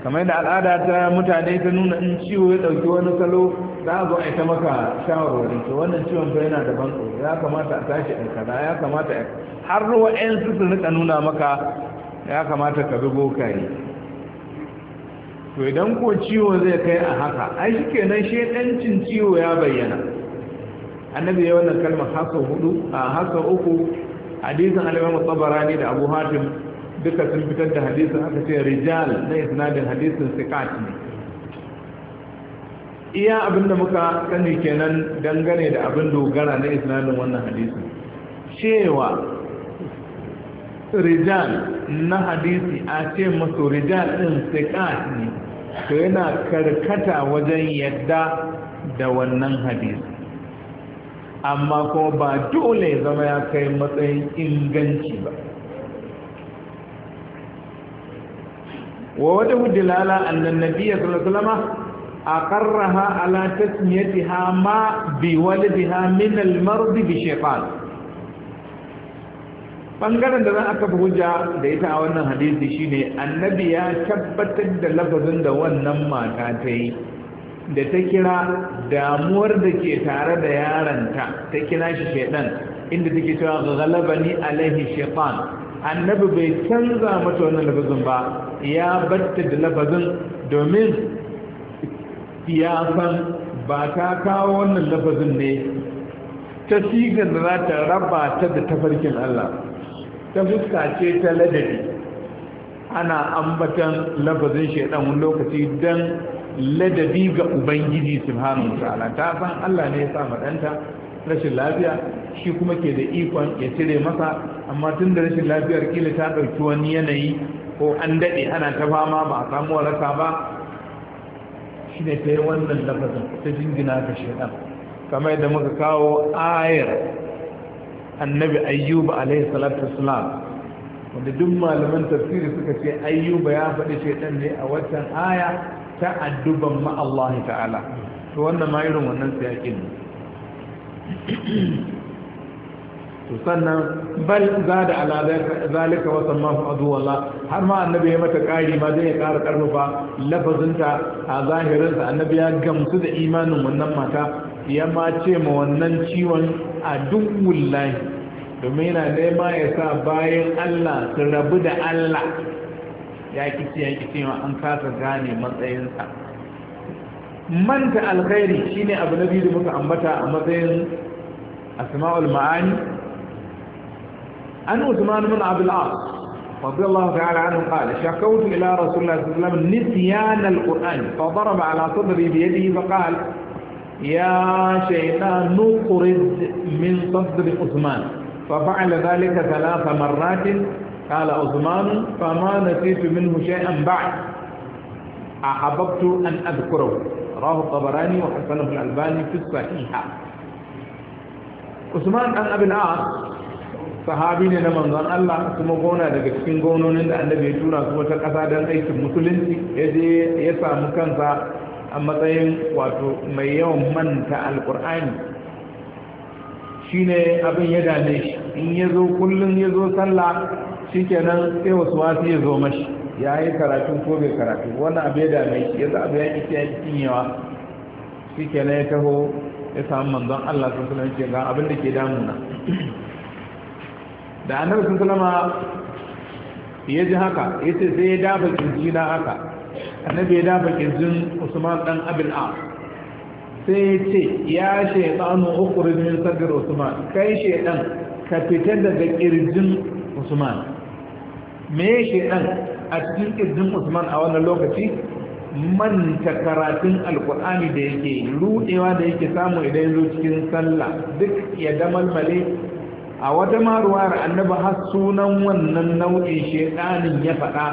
kamar yadda al'ada ta mutane ta nuna in ciwo ya dauki wani salo za a zo a ita maka shawarwari to wannan ciwon fa yana da ban tsoro ya kamata a tashi a kaza ya kamata a har ɗayan su riƙa nuna maka ya kamata ka bi bokaye to idan ko ciwo zai kai a haka ai shikenan shedancin ciwo ya bayyana annabi ya wannan kalmar haka hudu a haka uku hadisin alimamu tsabarani da abu hatim duka sun fitar da hadisin aka ce rijal na isnadin hadisin sikat ne iya abinda muka sani kenan dangane da abin dogara na isnadin wannan hadisin cewa rijal na hadisi a ce masu rijal din sikat ne to yana karkata wajen yadda da wannan hadisi amma kuma ba dole zama ya kai matsayin inganci ba wa wata hudilala annan nabiya sallallahu ma bi تسميتها ما بولدها من bi shaytan bangaren da za aka kafa hujja da ita a wannan hadisi shine annabi ya tabbatar da lafazin da wannan mata ta yi da ta kira damuwar da ke tare da yaranta ta kira shi shaidan inda take cewa ghalabani alaihi shaitan annabi bai canza mata wannan lafazin ba ya batta da lafazin domin ya san ba ta kawo wannan lafazin ne ta sigar da za ta raba ta da tafarkin Allah ta fuska ce ta ladabi ana ambatan lafazin shaidan wani lokaci don ladabi ga ubangiji subhanahu wataala ta san Allah ne ya sa madanta rashin lafiya shi kuma ke da ikon ya cire masa amma tun da rashin lafiyar kila ta ɗauki wani yanayi ko an daɗe ana ta fama ba a samu waraka ba shi ne ta yi wannan lafazin ta jingina ka shaidan kamar yadda muka kawo ayar annabi ayyuba alaihi salatu wasalam wanda duk malaman tafsiri suka ce ayyuba ya faɗi shaidan ne a watan aya ta'adduban ma Allah ta'ala to wannan ma irin wannan ne to sannan bal za da ala zalika wa sammahu aduwallah har ma annabi ya mata ƙari ma zai ya kara lafazin lafazinta a zahirinsa annabi ya gamsu da imanin wannan mata ya ma ce ma wannan ciwon a duk wallahi domin yana nema ya sa bayan Allah su rabu da Allah ya kici ya kici an kasa gane matsayinsa manta alkhairi shine abu na da muka ambata a matsayin asma'ul ma'ani an usman bin as رضي الله تعالى عنه قال شكوت إلى رسول الله صلى الله عليه وسلم نسيان القرآن فضرب على صدري بيده فقال يا شيطان نقرد من صدر عثمان ففعل ذلك ثلاث مرات قال عثمان فما نسيت منه شيئا بعد أحببت أن أذكره رواه الطبراني وحسنه الألباني في الصحيحة عثمان أن أبي العاص sahabi ne na manzon Allah kuma gona daga cikin gononin da annabi ya tura su wata ƙasa don aikin musulunci ya je ya samu kansa a matsayin wato mai yawan manta alkur'ani shine abin ya dame shi in ya zo kullum ya zo sallah shikenan sai wasu wasu ya zo mashi ya yi karatu ko bai karatu wannan abu ya dame shi ya abu ya ki ya yawa cinyewa shikenan ya taho ya samu manzon Allah sun sunan ce ga abin da ke damuna da annabi sun sulama ya ji haka ya ce sai ya dafa kirji na haka annabi ya dafa kirjin usman dan abin a sai ya ce ya shaitanu ukhruj min sadr usman kai shaitan ka fitar daga kirjin usman me ɗan, a cikin izinin usman a wannan lokaci manta karatun alkur'ani da yake ruɗewa da yake samu idan zo cikin sallah duk ya damalmale a wata maruwar annabi har sunan wannan nau'in shaidanin ya faɗa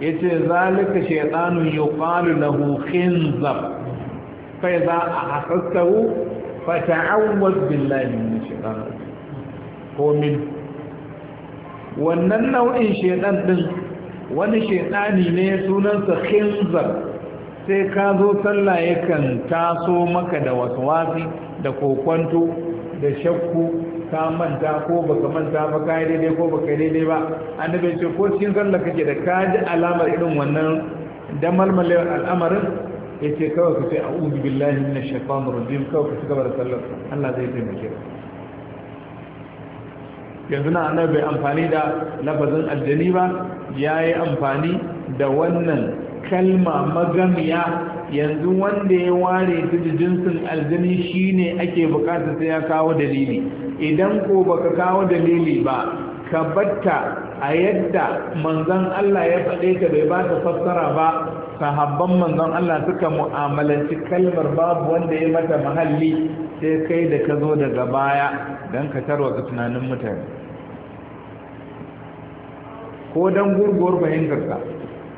ya ce zalika shaidanun yuqalu lahu khinzab fa idza ahassahu fata'awwaz billahi min shaitan ko min wannan nau'in shedan din wani shedani ne sunansa khinzar sai ka zo sallah yakan taso maka da waswasi da kokwanto da shakku ka manta ko baka manta ba ka yi daidai ko baka yi daidai ba annabi ce ko cikin sallah kake da ka ji alamar irin wannan damalmalewar al'amarin ya kawai ka ce a'udhu billahi minash shaitanir rajim kawai ka ci gaba da sallar Allah zai taimake ka yanzu na annabi bai amfani da lafazin aljani ba ya yi amfani da wannan kalma magamiya yanzu wanda ya ware ta jinsin aljani shine ake bukatar sai ya kawo dalili idan ko baka kawo dalili ba ka batta a yadda manzon Allah ya faɗe ta bai ba ta fassara ba sahabban manzon Allah suka mu'amalanci kalmar babu wanda ya mata mahalli sai kai da ka zo daga baya don ka tarwa tunanin mutane ko dan gurguwar fahimtarsa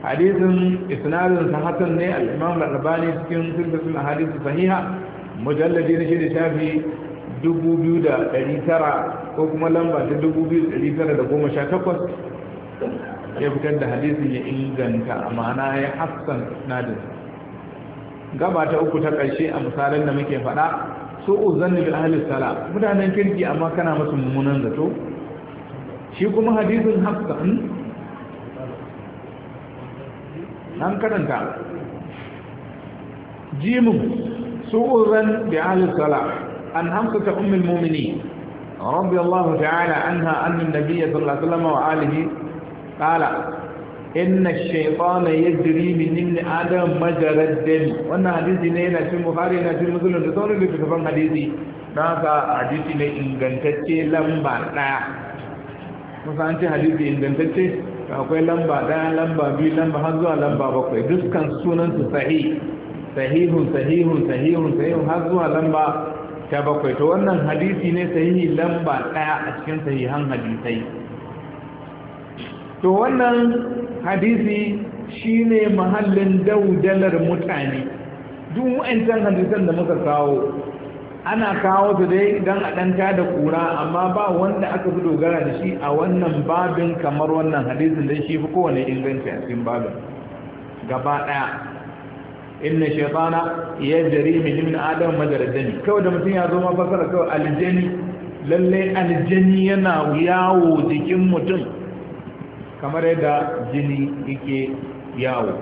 hadisin isnadin sahatan ne al-imam al-albani cikin silsilatul ahadith sahiha mujalladi na shida shafi 2900 ko kuma lamba ta 2918 ya fitar da hadisin ya inganta a ma'ana ya hassan nadin gaba ta uku ta ƙarshe a misalin da muke faɗa so uzanni bil ahli sala mutanen kirki amma kana musu mummunan zato shi kuma hadisin hassan hmm? an karanta jimin su'uran da ahli salah an hamsata ummul mu'minin رضي الله تعالى عنها أن النبي صلى الله عليه وسلم وآله قال إن الشيطان يجري من ابن آدم مجرى الدم وأن حديثي نينا في البخاري نعم في مسلم تصور لي في كفن حديثي ناسا نعم، حديثي نينا إنغنتتي لمبا نا نعم. مثلا أنت حديثي إن إنغنتتي akwai lamba daya lamba biyu lamba har zuwa lamba bakwai dukkan su sahi sahihun sahihun sahihun sahihun har zuwa lamba ta bakwai to wannan hadisi ne sahihi lamba daya a cikin sahihan hadisai to wannan hadisi shine mahallin daudalar mutane duk wa'ancan hadisan da muka kawo ana kawo su dai don a ɗanta da ƙura amma ba wanda aka fi dogara da shi a wannan babin kamar wannan hadisin dai shi fi kowane inganci a cikin babin gaba ɗaya inna shaitana ya jari min ibn adam madarajani kawai da mutum ya zo ma fasara kawai aljani lalle aljani yana yawo jikin mutum kamar yadda jini yake yawo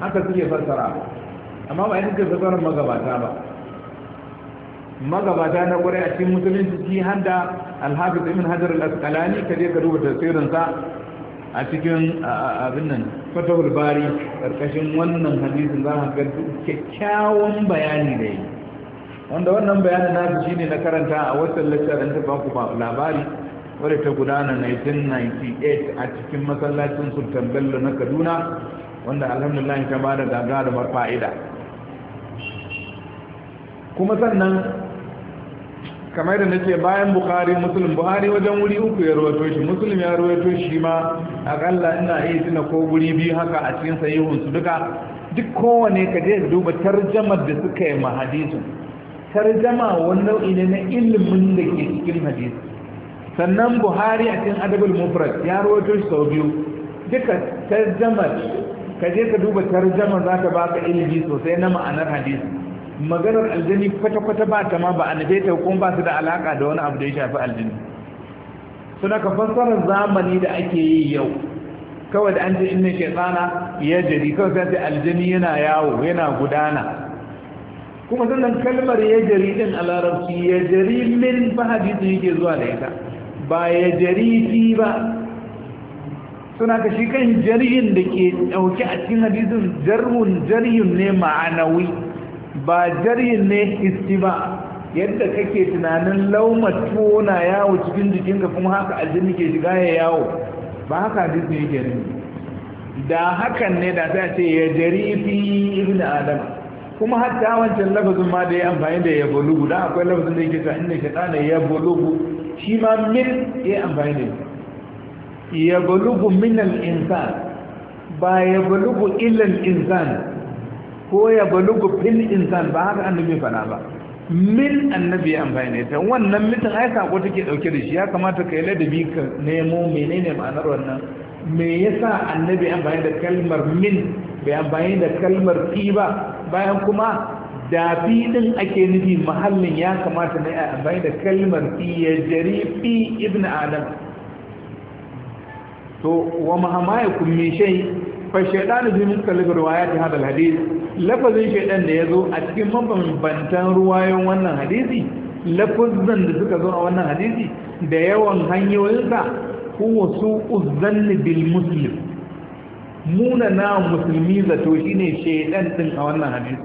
haka suke fassara amma ba yadda suke fassarar magabata ba magabata na kwarai a cikin musulunci shi handa alhafiz ibn hajar al-asqalani ka je ka duba tafsirin sa a cikin abin nan fatahul bari karkashin wannan hadisin za ka ga kyakkyawan bayani da yi wanda wannan bayanin nasu ne na karanta a watan lecture ɗin ta baku ba labari wadda ta gudana 1998 a cikin masallacin sultan bello na kaduna wanda alhamdulillah ta ba da gagarumar fa'ida kuma sannan kamar da nake bayan bukari muslim buhari wajen wuri uku ya rubuto shi muslim ya rubuto shi ma kalla ina iya tuna ko guri biyu haka a cikin sahihun su duka duk kowane ka je duba tarjamar da suka yi ma hadisin tarjama wani nau'i ne na ilimin da ke cikin hadisi sannan buhari a cikin adabul mufrad ya rubuto shi sau biyu duka tarjamar ka je ka duba tarjamar za ta baka ilimi sosai na ma'anar hadisi maganar aljani kwata-kwata ba ta ma ba a kuma ba su da alaka da wani abu da ya shafi aljani suna ka fassarar zamani da ake yi yau kawai da an ce inna tsana ya jari kawai sai ce aljani yana yawo yana gudana kuma sannan kalmar ya jari din a larabci ya jari min fahadi su yake zuwa da ita ba ya jari fi ba suna ka shi kan jari'in da ke ɗauke a cikin hadisin jarhun jari'in ne ma'anawi ba jari ne isti ba yadda kake tunanin lauma tona yawo cikin jikin ka kuma haka aljini ke shiga ya yawo ba haka hadisi yake ne da hakan ne da ta ce ya jari fi ibn adam kuma hatta wancan lafazin ma da ya amfani da ya bulugu da akwai lafazin da yake ta inda tsana ya bulugu shi ma min ya amfani da ya bulugu min al-insan ba ya bulugu illa al-insan ko ya balugu fil insan ba haka annabi faɗa ba min annabi ya amfani ta wannan mutum ai sako take dauke da shi ya kamata kai ladabi ka nemo menene ma'anar wannan me yasa annabi amfani da kalmar min bai amfani da kalmar fi ba bayan kuma da fi din ake nufi mahallin ya kamata ne a amfani da kalmar fi ya jari fi ibn adam to wa ya kun me shai fa shaydanu bi miskal riwayat hada hadisi, lafazin shaydan da yazo a cikin mabambantan ruwayon wannan hadisi lafazin da suka zo a wannan hadisi da yawan hanyoyinsa ko wasu zanni bil muslim muna na musulmi zato shine shaydan din a wannan hadisi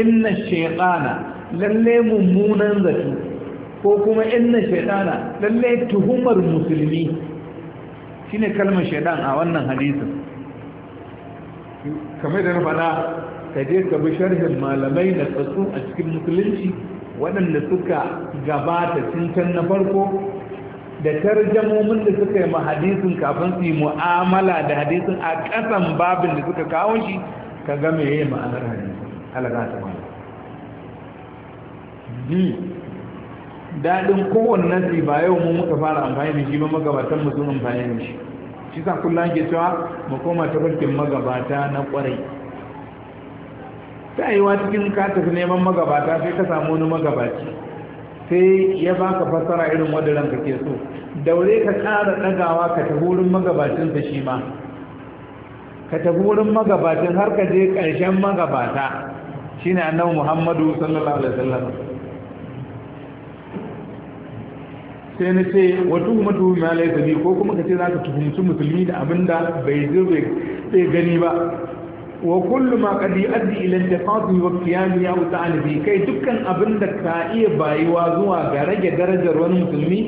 inna shaytana lalle mummunan zato ko kuma inna shaytana lalle tuhumar musulmi shine kalmar shaydan a wannan hadisin kamar da na fana ka je ka bi sharhin malamai na tsatsu a cikin musulunci waɗanda suka gabata can na farko da tarjamomin da suka yi hadisin kafin su yi mu'amala da hadisin a ƙasan babin da suka kawo shi ka ga me yi ma'anar ala alaga ta mana daɗin kowanne nasi ba yau mu muka fara amfani da shi ba magabatan mu sun amfani da shi shi sa kullum ke cewa mu koma tafarkin magabata na kwarai ta wa cikin ka tafi neman magabata sai ka samu wani magabaci sai ya ba ka fassara irin wanda kake ke so daure ka ƙara ɗagawa ka tafi wurin magabacin sa shi ma ka tafi wurin magabacin har ka je ƙarshen magabata shine annabi Muhammadu sallallahu alaihi wasallam sai na ce wa tuhumatu ma laysa bi ko kuma ka kace zaka tuhumci musulmi da abinda bai zube sai gani ba wa kullu ma qad yuaddi ila intiqadi wa qiyami ta'ala bi kai dukkan abinda ka iya bayuwa zuwa ga rage darajar wani musulmi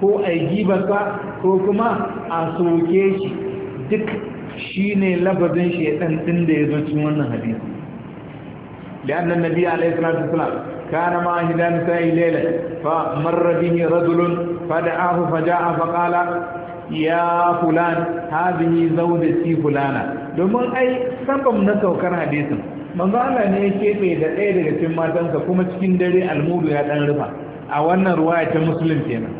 ko ai gibarka ko kuma a soke shi duk shine shi shedan din da ya zo cikin wannan hadisi da annabi alaihi salatu wasallam كان ماهدا ساي ليلة فمر به رجل فدعاه فجاء فقال يا فلان هذه زوجتي فلانة domin ai sabon na saukar hadisin manzo ne ya keɓe da ɗaya daga cikin matansa kuma cikin dare almudu ya dan rufa a wannan ruwaya ta muslim kenan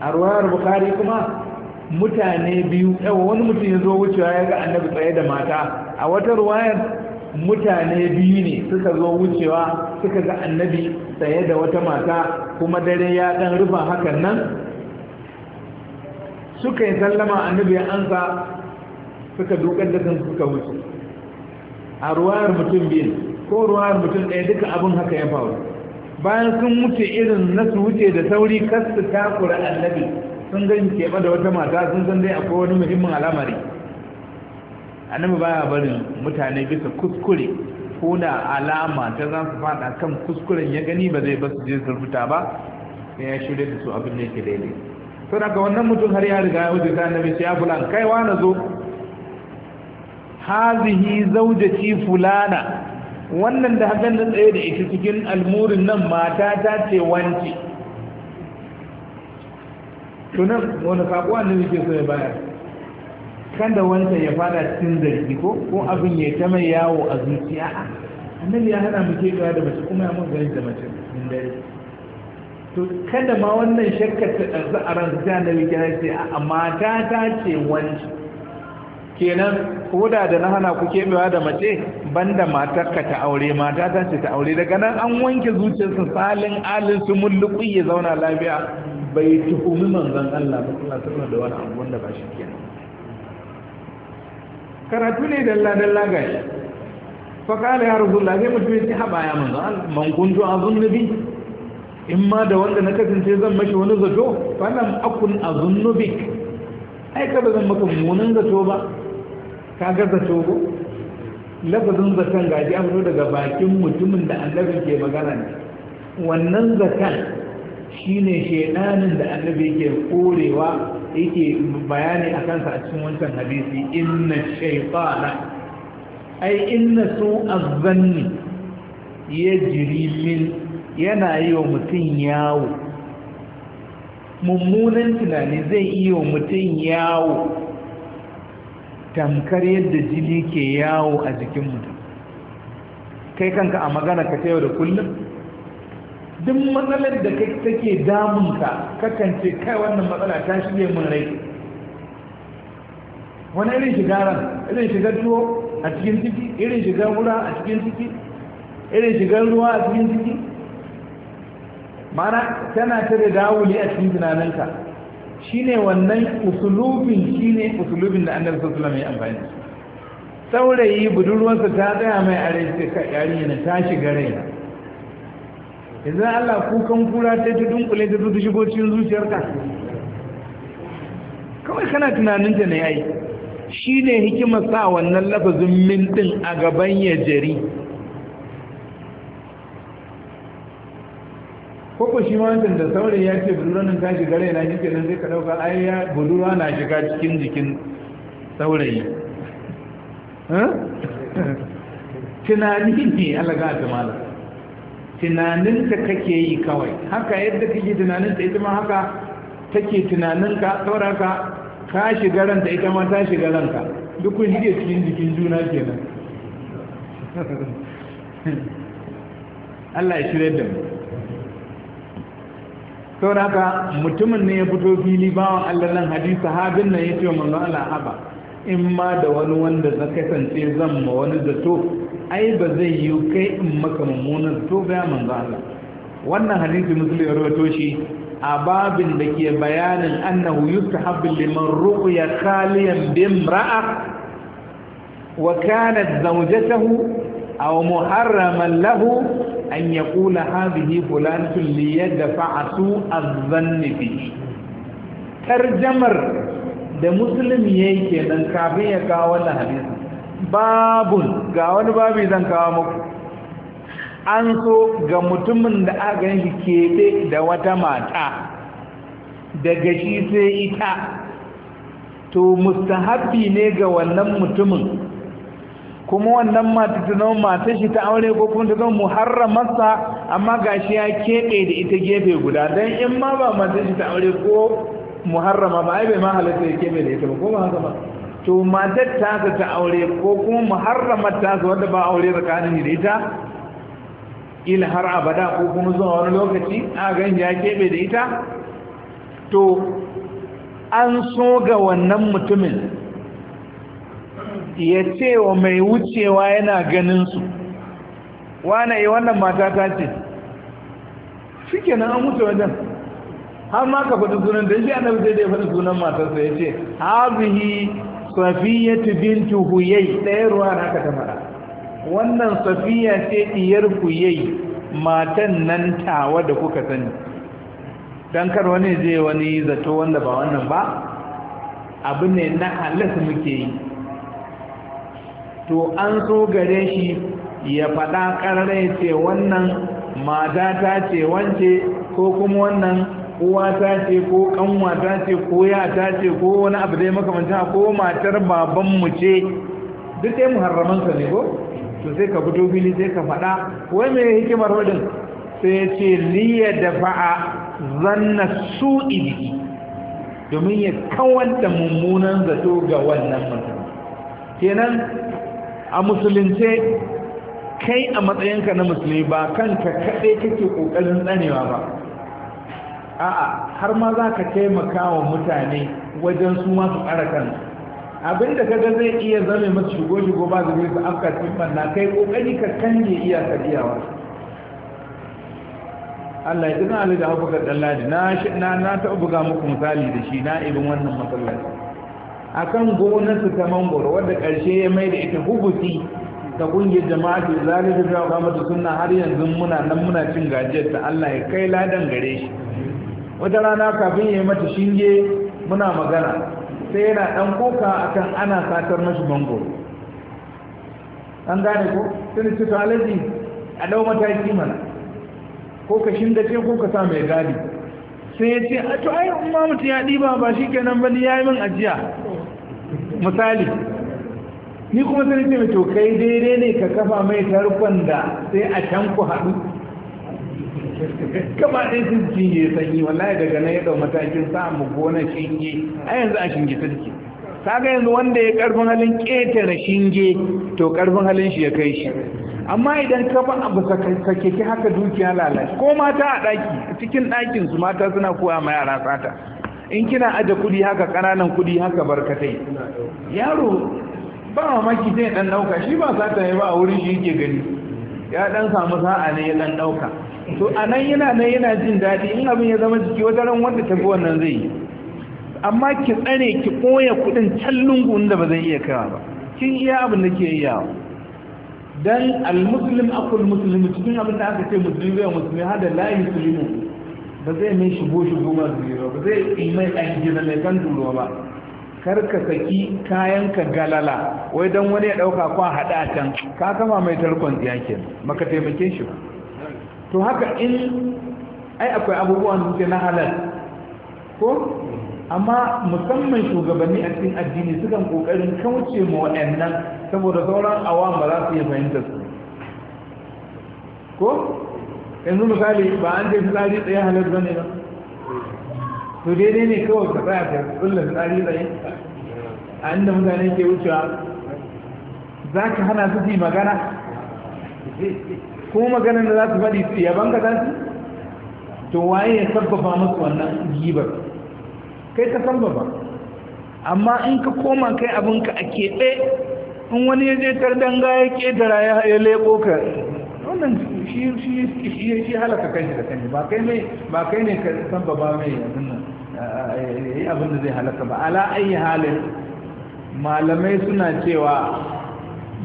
a ruwayar bukari kuma mutane biyu Yau, wani mutum ya zo wucewa ya ga annabi tsaye da mata a wata ruwayar mutane biyu ne suka zo wucewa suka ga annabi tsaye da wata mata kuma dare ya dan rufa hakan nan suka yi sallama annabi ya ansa suka dukar da suka wuce a ruwayar mutum biyu ko ruwayar mutum ɗaya duka abin haka ya faru bayan sun wuce irin na su wuce da sauri kar su takura annabi sun gani keɓe da wata mata sun san dai akwai wani muhimmin al'amari annabi baya barin mutane bisa kuskure ko da alama ta za su fada kan kuskuren ya gani ba zai ba su je surfuta ba sai ya shirya da su abin da yake daidai to daga wannan mutum har ya riga ya wuce ta annabi ya fulan kai wa na zo hazihi zaujati fulana wannan da hakan da tsaye da ita cikin almurin nan mata ta ce wance tunan wani saƙo ne yake so ya bayar kada wanda ya fada cikin zargi ko ko abin ya ta mai yawo a zuciya a annabi ya hana mu kebewa da mace kuma ya mun da mace cikin dare to kada ma wannan shakkar ta ɗanzu a ran na annabi kira ce a mata ta ce wani kenan ko da da na hana ku kebewa da mace ban da matar ka ta aure mata ta ce ta aure daga nan an wanke zuciyarsa salin alin su mulluƙi ya zauna lafiya bai tuhumi manzan Allah ba kuma alaihi da wani abu wanda ba shi kenan karatu ne dalla dalla ga shi fakala ya rasulullah sai mutum ya ci haba ya manzo man kuntu in ma da wanda na kasance zan mashi wani zato falam akun azunnubik ai ka ba zan maka munin zato ba ka ga zato ko lafazin zaton gaji ji daga bakin mutumin da annabi ke magana ne wannan zakan shine shedanin da annabi ke korewa yake bayani a kansa a cikin wancan hadisi inna shaitana ai inna su azanni ya jiri min yana yi wa mutum yawo mummunan tunani zai yi wa mutum yawo tamkar yadda jini ke yawo a jikin mutum kai kanka a magana ka ta yau da kullum duk matsalar da take damunka kakan ce kai wannan matsala ta shige mun rai wani irin shiga ran irin shiga tuwo a cikin ciki irin shiga wura a cikin ciki irin shigar ruwa a cikin ciki mana tana ta da dawuli a cikin tunaninka shine wannan usulubin shine usulubin da annabi sallallahu alaihi wasallam ya amfani saurayi budurwarsa ta tsaya mai a rai sai ka yarinya ta shiga raina yanzu Allah kukan kura ta ta dunkule ta ta shigo cikin zuciyarka kawai kana tunanin ta ne yayi shi ne hikimar sa wannan lafazin min a gaban ya jari koko shi wancan da saurayi ya ce buduranin ta shiga rai na jikin nan zai ka ɗauka ayya ya na shiga cikin jikin saurayi tunani ne alaga ta malam tunaninta kake yi kawai haka yadda kake tunaninta ita ma haka take tunaninka sauraka ka shiga ranta ita ma ta shiga ranka duk kun shige cikin jikin juna kenan Allah ya shirya da mu sauraka mutumin ne ya fito fili bawan Allah nan hadisi sahabin nan ya ce manzo Allah haba in ma da wani wanda zaka kasance zan ma wani zato ai ba zai yi kai in maka mummunan to ga manzo Allah wannan hadisi muslim ya rawaito shi a babin da ke bayanin annahu yustahabbu liman ruqya khaliyan bimra'a wa kanat zawjatuhu aw muharraman lahu an yaqula hadhihi fulanatun liyadfa'a su'a dhanni bihi tarjamar da muslim yayi kenan kafin ya kawo wannan hadisi babun ga wani babi zan kawo muku an so ga mutumin da aka yanki keɓe da wata mata daga shi sai ita to mustahabbi ne ga wannan mutumin kuma wannan mata ta zama mata shi ta aure ko kuma ta zama muharramarsa amma gashi ya keɓe da ita gefe guda don in ma ba mata shi ta aure ko muharrama ba ai bai ma halatta ya keɓe da ita ba ko ba haka ba to matar tasa ta aure ko kuma muharramar tasa wadda ba aure tsakanin da ita il har abada ko kuma zuwa wani lokaci a gan ya keɓe da ita to an so ga wannan mutumin ya ce wa mai wucewa yana ganin su wane yi eh, wannan mata ta ce shi nan an wuce wajen har ma ka faɗi sunan da shi annabi sai da ya faɗi sunan matarsa ya ce hazihi safiyatu bintu huyai ɗaya ruwa na ka ta wannan safiya ce diyar huyai matan nan tawa da kuka sani don kar wani zai wani zato wanda ba wannan ba abu ne na su muke yi to an so gare shi ya faɗa karare ce wannan mata ta ce wance ko kuma wannan uwata ce ko kanwata ce ko yata ce ko wani abu dai makamanta ko matar babanmu ce duk dai muharramansa ne ko to sai ka fito fili sai ka faɗa wai mai hikimar hudun sai ya ce liya da fa'a zanna su ibiki domin ya kawar mummunan zato ga wannan mutum kenan a musulunce kai a matsayinka na musulmi ba kanka kaɗai kake ƙoƙarin tsanewa ba a'a har ma za ka taimaka wa mutane wajen su ma su ƙara kansu da kaga zai iya zame masu shigo shigo ba zai su afka cikin na kai kokari ka kange iyaka iyawa Allah ya tsina da haku ga dalladi na na na ta buga muku misali da shi na irin wannan masallaci akan gonarsa ta mangoro wadda karshe ya mai da ita hubuti ta ƙungiyar jama'a da zalika da ga mata sunna har yanzu muna nan muna cin gajiyar ta Allah ya kai ladan gare shi wata rana kafin ya yi mata shinge muna magana sai yana ɗan koka akan ana satar mashi bango. an gane ko Sun ce alaji a ɗau mataki mana ko ka ce ko ka sa mai gadi sai ya ce a to ai amma ma mutum ya ɗiba ba shi ke ba bani ya yi min ajiya misali ni kuma sai ce mai to kai daidai ne ka kafa mai tarkon da sai a can ku haɗu kama ɗin sun cinye sanyi wallahi daga nan ya ɗau matakin samu gonar shinge a yanzu a shinge ta kaga yanzu wanda ya ƙarfin halin ƙetare shinge to ƙarfin halin shi ya kai shi amma idan ka ba abu sakeke haka dukiya lalace ko mata a ɗaki cikin ɗakin su mata suna koya ma yara sata in kina aje kuɗi haka ƙananan kuɗi haka barkatai yaro ba mamaki zai ɗan ɗauka shi ba sata ya ba a wurin shi yake gani ya ɗan samu sa'a ne ya ɗan ɗauka to a nan yana nan yana jin daɗi in abin ya zama jiki wata ran wanda tafi wannan zai yi amma ki tsare ki ɓoye kuɗin can lungun da ba zai iya kawa ba kin iya abin da ke iya dan almuslim akul muslim cikin abin da aka ce musulmi bai musulmi har da layi musulmi ba zai mai shigo shigo ba zai ba zai imai mai ɗan gina mai kan duro ba kar ka saki kayan ka galala wai dan wani ya ɗauka kwa haɗa can ka kama mai tarkon tsiya maka taimake shi ba to haka in ai akwai abubuwan da na halal ko amma musamman shugabanni a cikin addini sukan kokarin kauce ma waɗannan saboda sauran awam ba za su yi fahimtar su ko yanzu misali ba an je fitsari tsaye halar ne ba to daidai ne kawai ka tsaya ta tsulla fitsari tsaye a inda mutane ke wucewa za ka hana su ji magana ko maganar da za su faɗi su yaban ka su to waye ya sabbaba musu wannan gibar kai ka sabbaba amma in ka koma kai abinka a keɓe in wani ya je danga ya ƙetara ya leƙo ka wannan shi shi shi halaka kai da kai ba kai ne ba kai ne ka sabbaba mai abin da zai halaka ba ala ayi halin malamai suna cewa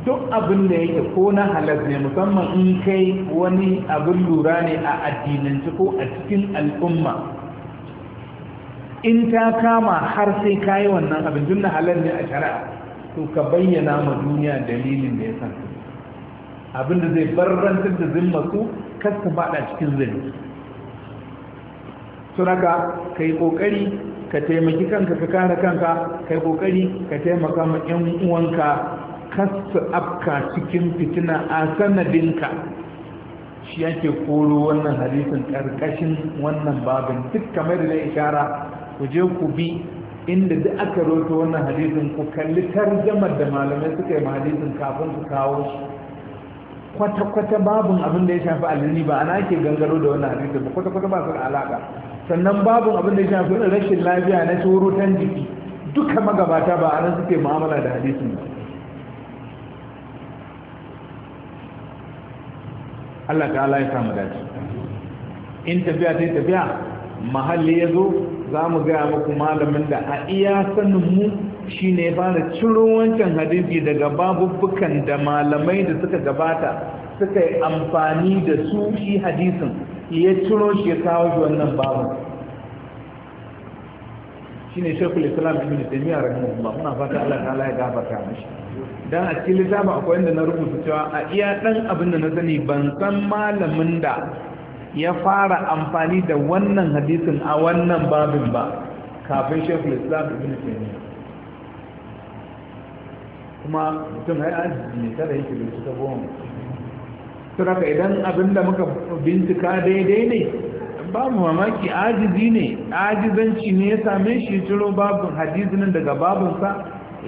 duk abin da yake ko na halas ne musamman in kai wani abin lura ne a addinance ko a cikin al'umma in ta kama har sai kayi wannan abin tun halal ne a shari'a to ka bayyana ma duniya dalilin da ya san abin da zai barrantar da zimmasu kar ka bada cikin zai sunaka ka yi kokari ka taimaki kanka ka kare kanka ka yi kokari ka taimaka ma 'yan uwanka kasu afka cikin fitina a sanadinka shi yake koro wannan hadisin karkashin wannan babin duk kamar da ishara ku je ku bi inda duk aka roto wannan hadisin ku kalli tarjamar da malamai suka yi hadisin kafin su kawo shi kwata-kwata babin abin da ya shafi alini ba ana ke gangaro da wannan hadisin ba kwata-kwata ba su da alaka sannan babin abin da ya shafi rashin lafiya na tsoro jiki duka magabata ba a nan suke mu'amala da hadisin ba Allah ta'ala ya samu dace in tafiya ta tafiya mahalli ya zo za mu gaya muku malamin da a iya sanin mu shi ne fara ciro wancan hadisi daga babubukan da malamai da suka gabata suka yi amfani da su shi hadisin ya ciro shi ya kawo shi wannan babu shine shekul islam ibn taymiya rahimahullah muna fata Allah ta'ala ya gafarta mishi dan a cikin littafin akwai inda na rubuta cewa a iya dan abin da na sani ban san malamin da ya fara amfani da wannan hadisin a wannan babin ba kafin shekul islam ibn taymiya kuma mutum ai ajiyi ne kada yake bincika goma ka idan abin da muka bincika daidai ne babu mamaki ajizi ne ajizanci ne ya same shi ciro babin hadisi nan daga babinsa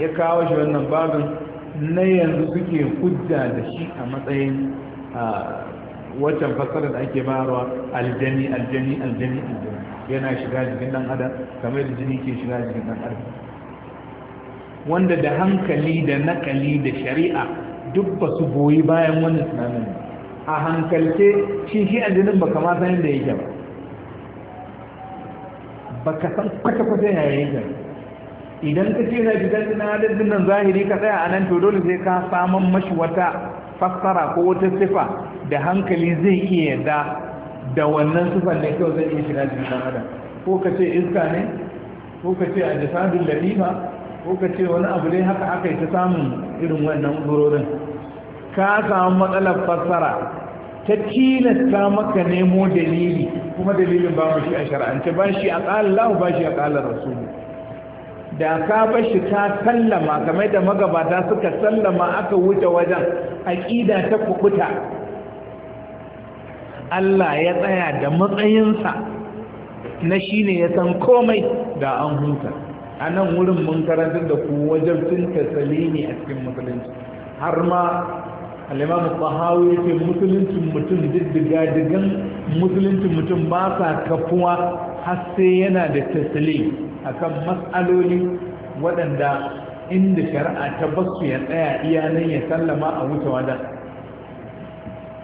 ya kawo shi wannan babin na yanzu suke hujja da shi a matsayin waccan fassarar da ake bayarwa aljani aljani aljani aljani yana shiga jikin dan adam kamar da jini ke shiga jikin dan adam wanda da hankali da nakali da shari'a duk ba su goyi bayan wannan tunanin a hankalce shi shi aljinin ba kamar san yadda yake ba Baka san kwata-kwata yayin da idan ka ce na bidan na adadin nan zahiri ka tsaya a nan to dole sai ka saman mashi wata fassara ko wata sifa da hankali zai iya yarda da wannan sifan da kyau zai iya shiga jikin dan adam ko ka ce iska ne ko ka ce a lalima ko ka ce wani abu dai haka aka yi ta samun irin wannan uzurorin ka samu matsalar fassara ta tilasta maka nemo dalili kuma dalilin ba mu shi a shar'ance ba shi a ƙalar lahu ba shi a ƙalar rasulu da ka ba shi ta sallama game da magabata suka sallama aka wuce wajen aƙida ta kukuta Allah ya tsaya da matsayinsa na shi ne ya san komai da an huta a nan wurin mun karantar da ku wajen tun tasali ne a cikin musulunci har ma al'imamu fahawi ya ce musuluncin mutum diddiga digan musuluncin mutum ba sa kafuwa har sai yana da tasiri akan matsaloli waɗanda inda shari'a ta basu ya tsaya iya nan ya sallama a wuce wadan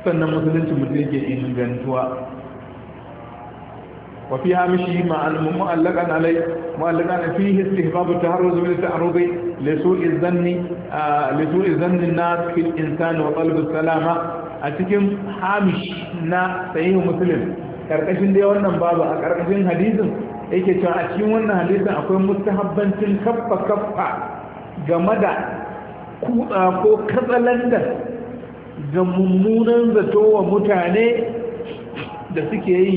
sannan musuluncin mutum yake ingantuwa وفي هامشه مع مؤلقا عليه مؤلقا فيه استهباب التهرز من التعرض لسوء الظن لسوء ظن الناس في الانسان وطلب السلامه اتكم هامش نا صحيح مسلم karkashin dai wannan babu a karkashin hadisin yake cewa a cikin wannan hadisin akwai mustahabbancin kaffa kaffa game da kutsa ko katsalandar da mummunan zato wa mutane da suke yi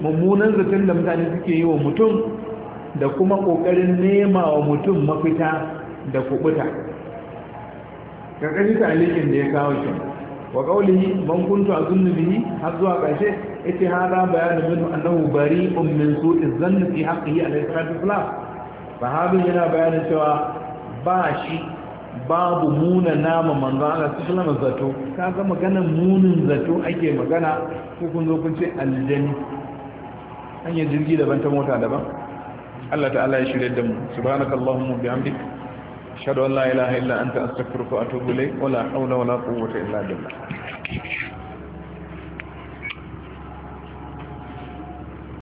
mummunan zaton da mutane suke yi wa mutum da kuma ƙoƙarin nema wa mutum mafita da kubuta ƙarƙashin alikin da ya kawo shi wa ƙaulihi man kuntu a zunubihi har zuwa ƙarshe ita hada bayanu min annahu bari'un min su'i zanni fi haqqihi alayhi salatu Ba sahabin yana bayanin cewa ba shi babu muna nama manzo Allah sallallahu alaihi wasallam zato kaga maganan munin zato ake magana ko kun zo kun ce aljani hanyar jirgi daban ta mota daban Allah ta'ala ya shirye da mu subhanakallahumma bihamdik ashhadu an la ilaha illa anta astaghfiruka wa atubu ilayk wala hawla wala quwwata illa billah